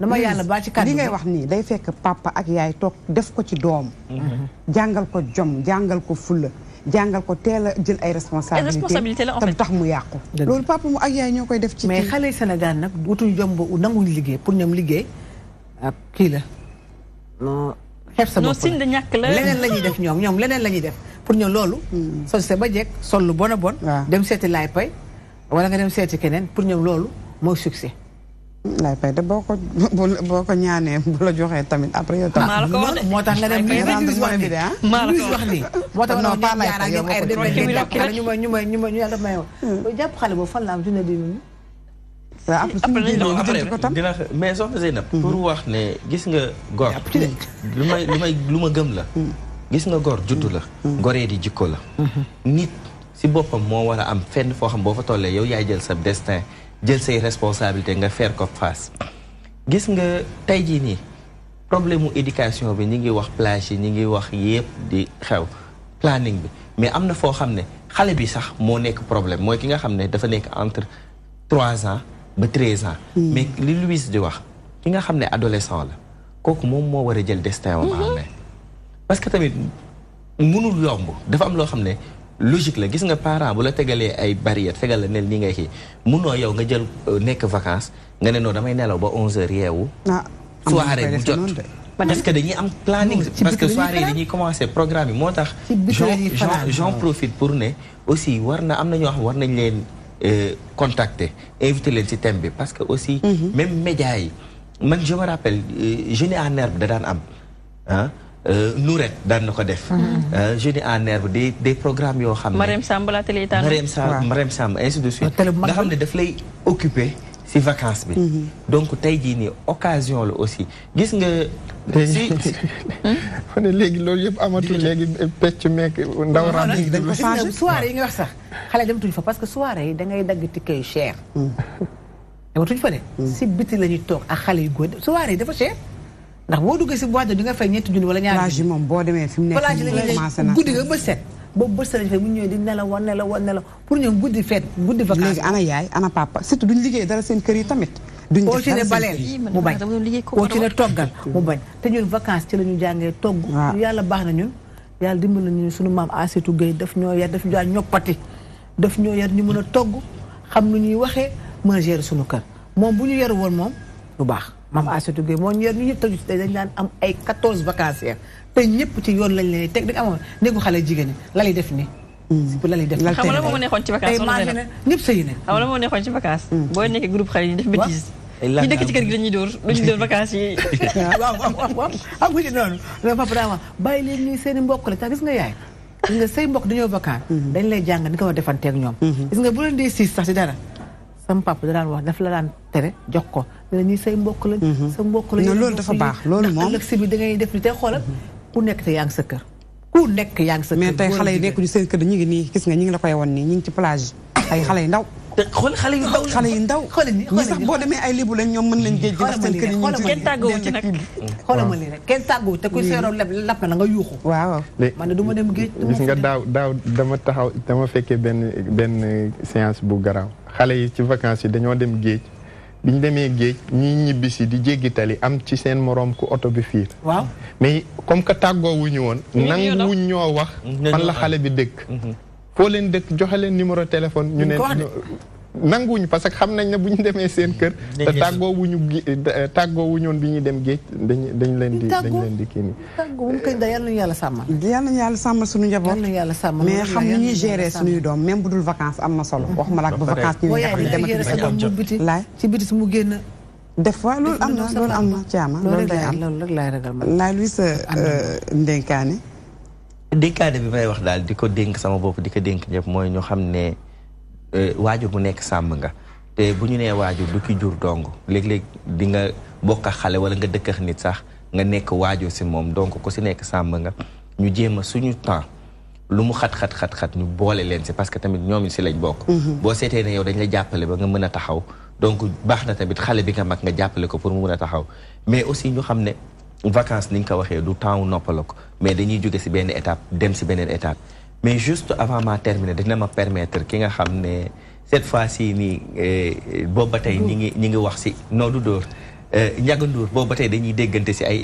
dama yàlla ba ci kàddu li ngay wax nii day fekk papa ak yaay toog def ko ci doom jàngal ko jom jàngal ko fulla jàngal ko teel a jël ay responsabilité la tax mu yàqu loolu papa mu ak yaay ñoo koy def ci mais xale Sénégal nag wutuñ jom ba nanguñ liggéey pour ñoom liggéey ah, kii la non xeeb sa bopp la leneen la ñuy def ñoom ñoom leneen la ñuy def pour ñoom loolu hmm. sol sa ba jekk sol lu bon a bon dem seeti laay pay wala nga dem seeti keneen pour ñoom loolu mooy succès lay pay de boo ko boo ko ñaanee bu la joxee tamit après yow tam. maa moo tax nga dem Louis wax ni Louis wax ni. moo tax non pas lay pay yow boo ko ñu may ñu may ñu may ñu yàlla may wax. Hmm. jàpp xale boobu fan la am dina di nuyu. après ko tam dina mais soxna Zeynab. Hmm. pour wax ne gis nga góor. Hmm. lu may lu may lu ma gëm la. gis nga góor juddu la. goree di jikko la. nit si boppam moo war a am fenn foo xam boo fa tollee yow yaay jël sa destin. jël say responsabilité nga faire ko face gis nga tey jii nii problème mu éducation bi ñi ngi wax plage yi ñi ngi wax yëpp di xew planning bi mais am na foo xam ne xale bi sax moo nekk problème mooy ki nga xam ne dafa nekk entre trois ans ba treize ans hmm. mais li Louise di wax ki nga xam ne adolescent la kooku moom moo war a jël destin am mm-hmm. parce que tamit mënul yomb dafa am loo xam ne logique la gis nga parent bu la tegalee ay barrières tegal la nel nii ngay kii munoo yow nga jël euh, nekk vacance nga ne noonu damay nelaw ba 11h yeewu. Ah, soirée bu jot parce que dañuy am planning parce que soirée yi dañuy commencé programme yi moo tax. j'en profite pour ne aussi war na am na ñoo war nañ leen euh, contacter invité leen ci thème bi parce que aussi. Mhm. même média yi man je me rappelle euh, Jeune en Herbe da daan am ah. Euh, Nourette daan na ko def. Mm-hmm. Euh, jeune en herbe des des programmes yoo xam ne. Marème Samb la télé itam. Marème Samb Marème Samb ainsi de suite. Oh, nga xam ne daf lay occupé si vacances bi. Mm-hmm. donc tey jii nii occasion la aussi gis nga. si fa léegi loolu yëpp amatul léegi pecc meek ndaw raam. dañ ko changé soirée yi nga wax sax xale dematuñ fa parce que soirée yi da ngay dagg ticket yu cher. Mm. dematuñ fa de. Mm. si biti la ñuy toog a xale yu góor soirée yi dafa cher. ndax boo duggee si boîte di nga fay ñetti junni wala ñaar plage yi moom boo demee fi nekk plage guddi nga ba set boobu bët sa lañ fay bu ñu di nelaw wa nelaw wa nelaw pour ñoom guddi fête guddi vacances léegi ana yaay ana papa surtout duñ liggéey yi tamit duñ koo ci ne baleel mu toggal mu bañ te ñun vacances ci la ñu jàngee togg yàlla baax na ñun yàlla dimbal nañu suñu maam Asetu Gueye daf ñoo yar daf ñoo ñoppati daf ñoo yar ñu mën a togg xam nu ñuy waxee mën a gérer suñu kër moom bu ñu yaru woon moom lu baax maam Astou Gueye moo ñor ñu ñëpp tëju si dañ daan am lañ leen teg dañ amoon néegu xale jigéen ñi la lay def nii. Hmm. pour la lay def xam nga la moo neexoon ci vacances. tey maa ne ñëpp sëy na. xam nga la moo neexoon ci vacances. Hmm. boo nekkee groupe xale yi def bêtise. ñu dëkk ci kër gi dañuy dóor dañuy dóor vacances ah, nii seen i mbokk la tax gis nga yaay. gis nga say mbokk dañoo vacances. Hmm. dañ lay jàng ni ko war a defanteeg ñoom. gis nga bu leen dee siis sax si dara. sa papa da daan wax daf la daan tere jox ko ñi say mbokk lañ. Mhm. sa mbokk lañ. loolu dafa baax loolu moom ndax da ngay def li tey xoolal ku nekk te yaa ngi sa ku nekk yaa ngi sa mais tey xale yi nekk ñu seen kër ñu ngi nii gis nga ñu ngi la koy won nii ñu ngi ci plage ay yu ndaw. xool xale yu ndaw xale yu ndaw. ñi sax boo demee ay libu lañ ñoom mën nañ géej gi. seen kër yi ñu ngi ci kenn tàgguwu ci nag. Mm. lap na nga waaw man ne du ma dem géej. daaw daaw dama taxaw dama fekkee benn benn séance bu garaaw xale yi ci vacances yi dañoo dem géej biñ demee géej ñi ñibbi di jéggi am ci seen moroom ku oto bi fiir waaw comme que tàggoo wuñu woon nanguwuñ ñoo wax fan la xale bi dëkk mhm. foo leen dëkk joxe leen numéro téléphone ñu ne ñu parce que xam nañ na bu ñu demee seen kër. te tàggoo wu ñu gi eh, tàggoo wu ñoon bi ñuy dem géej dañu dañ leen di. dañ leen di kii nii. tàggoo yàlla sàmmal. yal nañu yàlla sàmmal suñu njaboot. yal yàlla sàmmal mais xam ni ñuy gérer suñuy doom même bu dul vacance am na solo. wax ma la ak bu vacance ñu ngi xam ci biti si mu génn. def fois loolu am na am na caama loolu day am loolu rek laay ragal ma. laay luy sa euh, euh, ndénkaane. ndénkaane bi may wax daal di ko dénk sama bopp di ko dénk ñëpp mooy ñu xam ne Euh, waajur bu nekk sàmm nga te bu ñu nee waajur du ki jur dong léeg-léeg di nga bokk xale wala nga dëkkax nit sax nga nekk waajur si moom donc ko si nekk sàmm nga ñu jéem a suñu temps lu mu xat-xat-xat-xat ñu boole leen si parce que tamit ñoom si lañ bokk mhm. boo seetee ne yow dañ la jàppale ba nga mën a taxaw donc baax na tamit xale bi nga mag nga jàppale ko pour mu mën a taxaw mais aussi ñu xam ne vacance ni nga ko waxee du temps wu noppaloo ko mais dañuy jóge si benn étape dem si beneen étape mais juste avant ma terminer dina ma permettre ki nga xam cette fois-ci ni eh, boobu ba ni ñi ngi wax si noodu dóor eh, Ndiaga Ndour boobu ba dañuy déggante si ay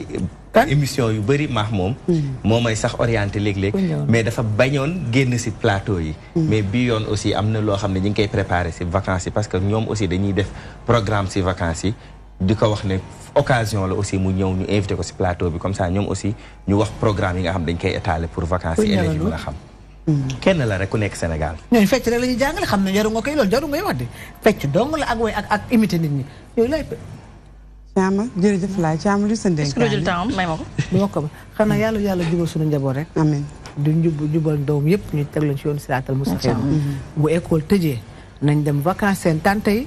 émission yu bëri maax moom mm. moo may sax orienté léeg-léeg mais dafa bañoon génn si plateau yi mm. mais bion aussi am lo loo xam qui ñi ngi préparé vacances parce que ñoom aussi dañuy def programme ses vacances yi coup ko wax occasion la aussi mu ñëw ñu invité ko si plateau bi comme ça ñoom aussi ñu wax programme yi nga xam dañ koy étaler pour vacances et les yi nga xam kenn la rek ku nekk Sénégal. ñooñu fecc rek la ñuy jàngale xam ne jaru nga koy loolu jaru ngay wax de fecc dong la ak woy ak ak imité nit ñi yooyu lay. Thiam jërëjëf laay Thiam lu sën dénkaane est-ce que doo may ma ko. ma ko ba xanaa yàlla yàlla jubal suñu njaboot rek. amiin du jub jubal doom yëpp ñu teg leen ci yoonu siraatal mustaqim bu école tëjee nañ dem vacances seen tante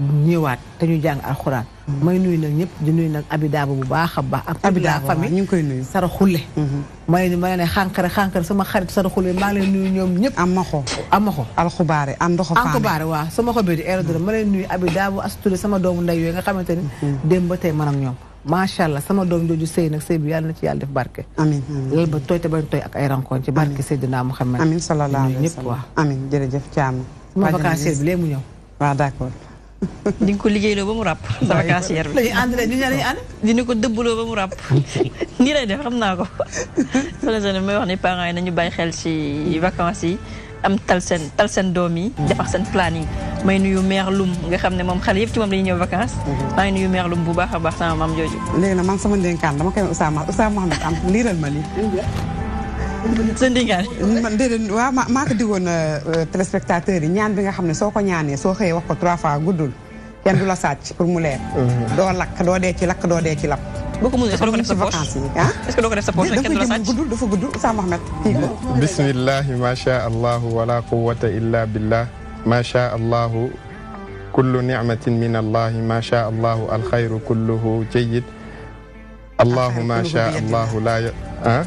ñëwaat te ñu jàng alxuraan. may nuyu nag ñëpp di nuyu nag abidaaba bu baax a baax. ak abida famille ñu ngi koy nuyu. sara xulle. Mm-hmm. may ni ma ne xànkare xànkare sama xarit sara xulle maa ngi leen nuyu ñoom ñëpp. am ma ko am ma ko. alxubaare am ndoxo faane waaw sama ko bii di aérodrome mm-hmm. ma leen nuyu abidaaba sama doomu ndey nga xamante ni. Mm-hmm. démb ba tey man ñoom. macha allah sama doom jooju sëy nag sëy bi yàlla na ci yàlla def barke. amiin amiin lal ba tooy te bañ tooy ak ay rencontre ci barke Seydina Muhammad. amiin sallallahu wa sallam ñëpp waaw. amiin mu ñëw. waaw d'accord di nga ko liggéeyloo ba mu ràpp sama caissière bi. dina ko dëbbuloo ba mu ràpp nii lay def xam naa ko. soo leen may wax ni parents yi nañu bàyyi xel ci vacances yi am tal seen tal seen doom yi. defar seen planning may yu meer lum nga xam ne moom xale yëpp ci moom la ñuy ñëw vacances. Mm-hmm. maa ngi nuyu meer lum bu baax a baax sama maam jooju. léegi nag man sama ndénkaan dama koy Ousama Ousama Mohamed am liiral ma lii. Mm-hmm. sa ndingaan man déedéet waaw maa ko digoon euh, euh, téléspectateurs yi ñaan bi nga xam ne soo ko ñaanee soo xëyee wax ko trois fois guddul kenn du la sàcc pour mu leer mhm. doo lakk doo dee ci lakk doo dee ci lapp boo ko mënee ah? est-ce que doo ko def sa poche est-ce que doo ko def sa poche kenn du la sàcc guddul dafa gudd Oustaz Mohamed kii ko bismillahi ma sha allahu wala quwwata illa billah ma sha allahu kullu nicmatin min allahi ma sha allahu alxayru kulluhu jayyid allahu ma sha allahu la ah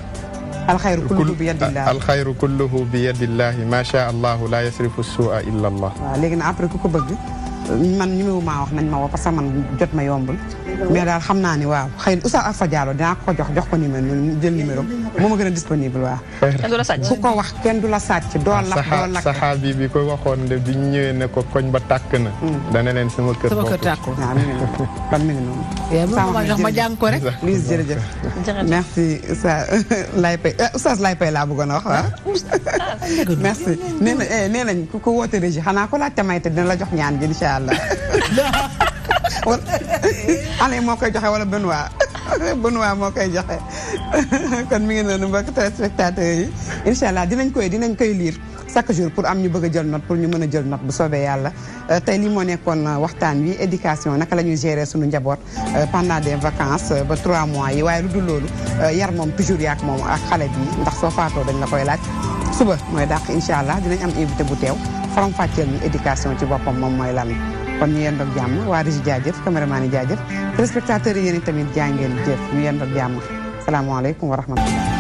الخير كله بيد الله الخير كله بيد الله ما شاء الله لا يصرف السوء الا الله آه، لكن عبرك après man ñu ma wax nañ ma woo parce que man jot ma yombul mais daal xam naa ni waaw xëy na Oustaz Alpha Diallo dinaa ko jox jox ko numéro jël numéro moo ma gën a disponible waaw ku ko wax kenn du la sàcc doo la doo lakk saxaabi bi ko waxoon de bi ñu ne ko koñ ba tàkk na hmm. dana leen sama kër sama kër tàkk waaw mi ngi noonu ban mi ma jàng ko rek Lise jërëjëf merci Oustaz Laye Paye eh, Oustaz Laye Paye laa a wax waaw ah. merci na eh, nee nañ ku ko woote régie ko laajte may te dina la jox ñaan gi incha allah ale moo koy joxe wala Benoît waa moo koy joxe kon mi ngi noonu mbokk téléspectateurs yi incha allah dinañ koy dinañ koy liir chaque jour pour am ñu bëgg a jël note pour ñu mën a jël note bu soobee yàlla euh, tey lii moo nekkoon euh, waxtaan wi éducation naka la ñuy gérer suñu njaboot euh, pendant des vacances ba trois mois yi waaye lu loolu yar moom toujours yaak moom ak xale bi ndax soo faatoo dañ la koy laaj suba mooy dàq incha allah dinañ am invité bu teew faram-fàcceel ñu éducation ci boppam moom mooy lan kon ñu yendoog jàmm waa régie jaajëf caméraman yi jaajëf téléspectateurs yi yéen tamit jàngeen jëf ñu yendoog jàmm salaamaaleykum wa rahmatullah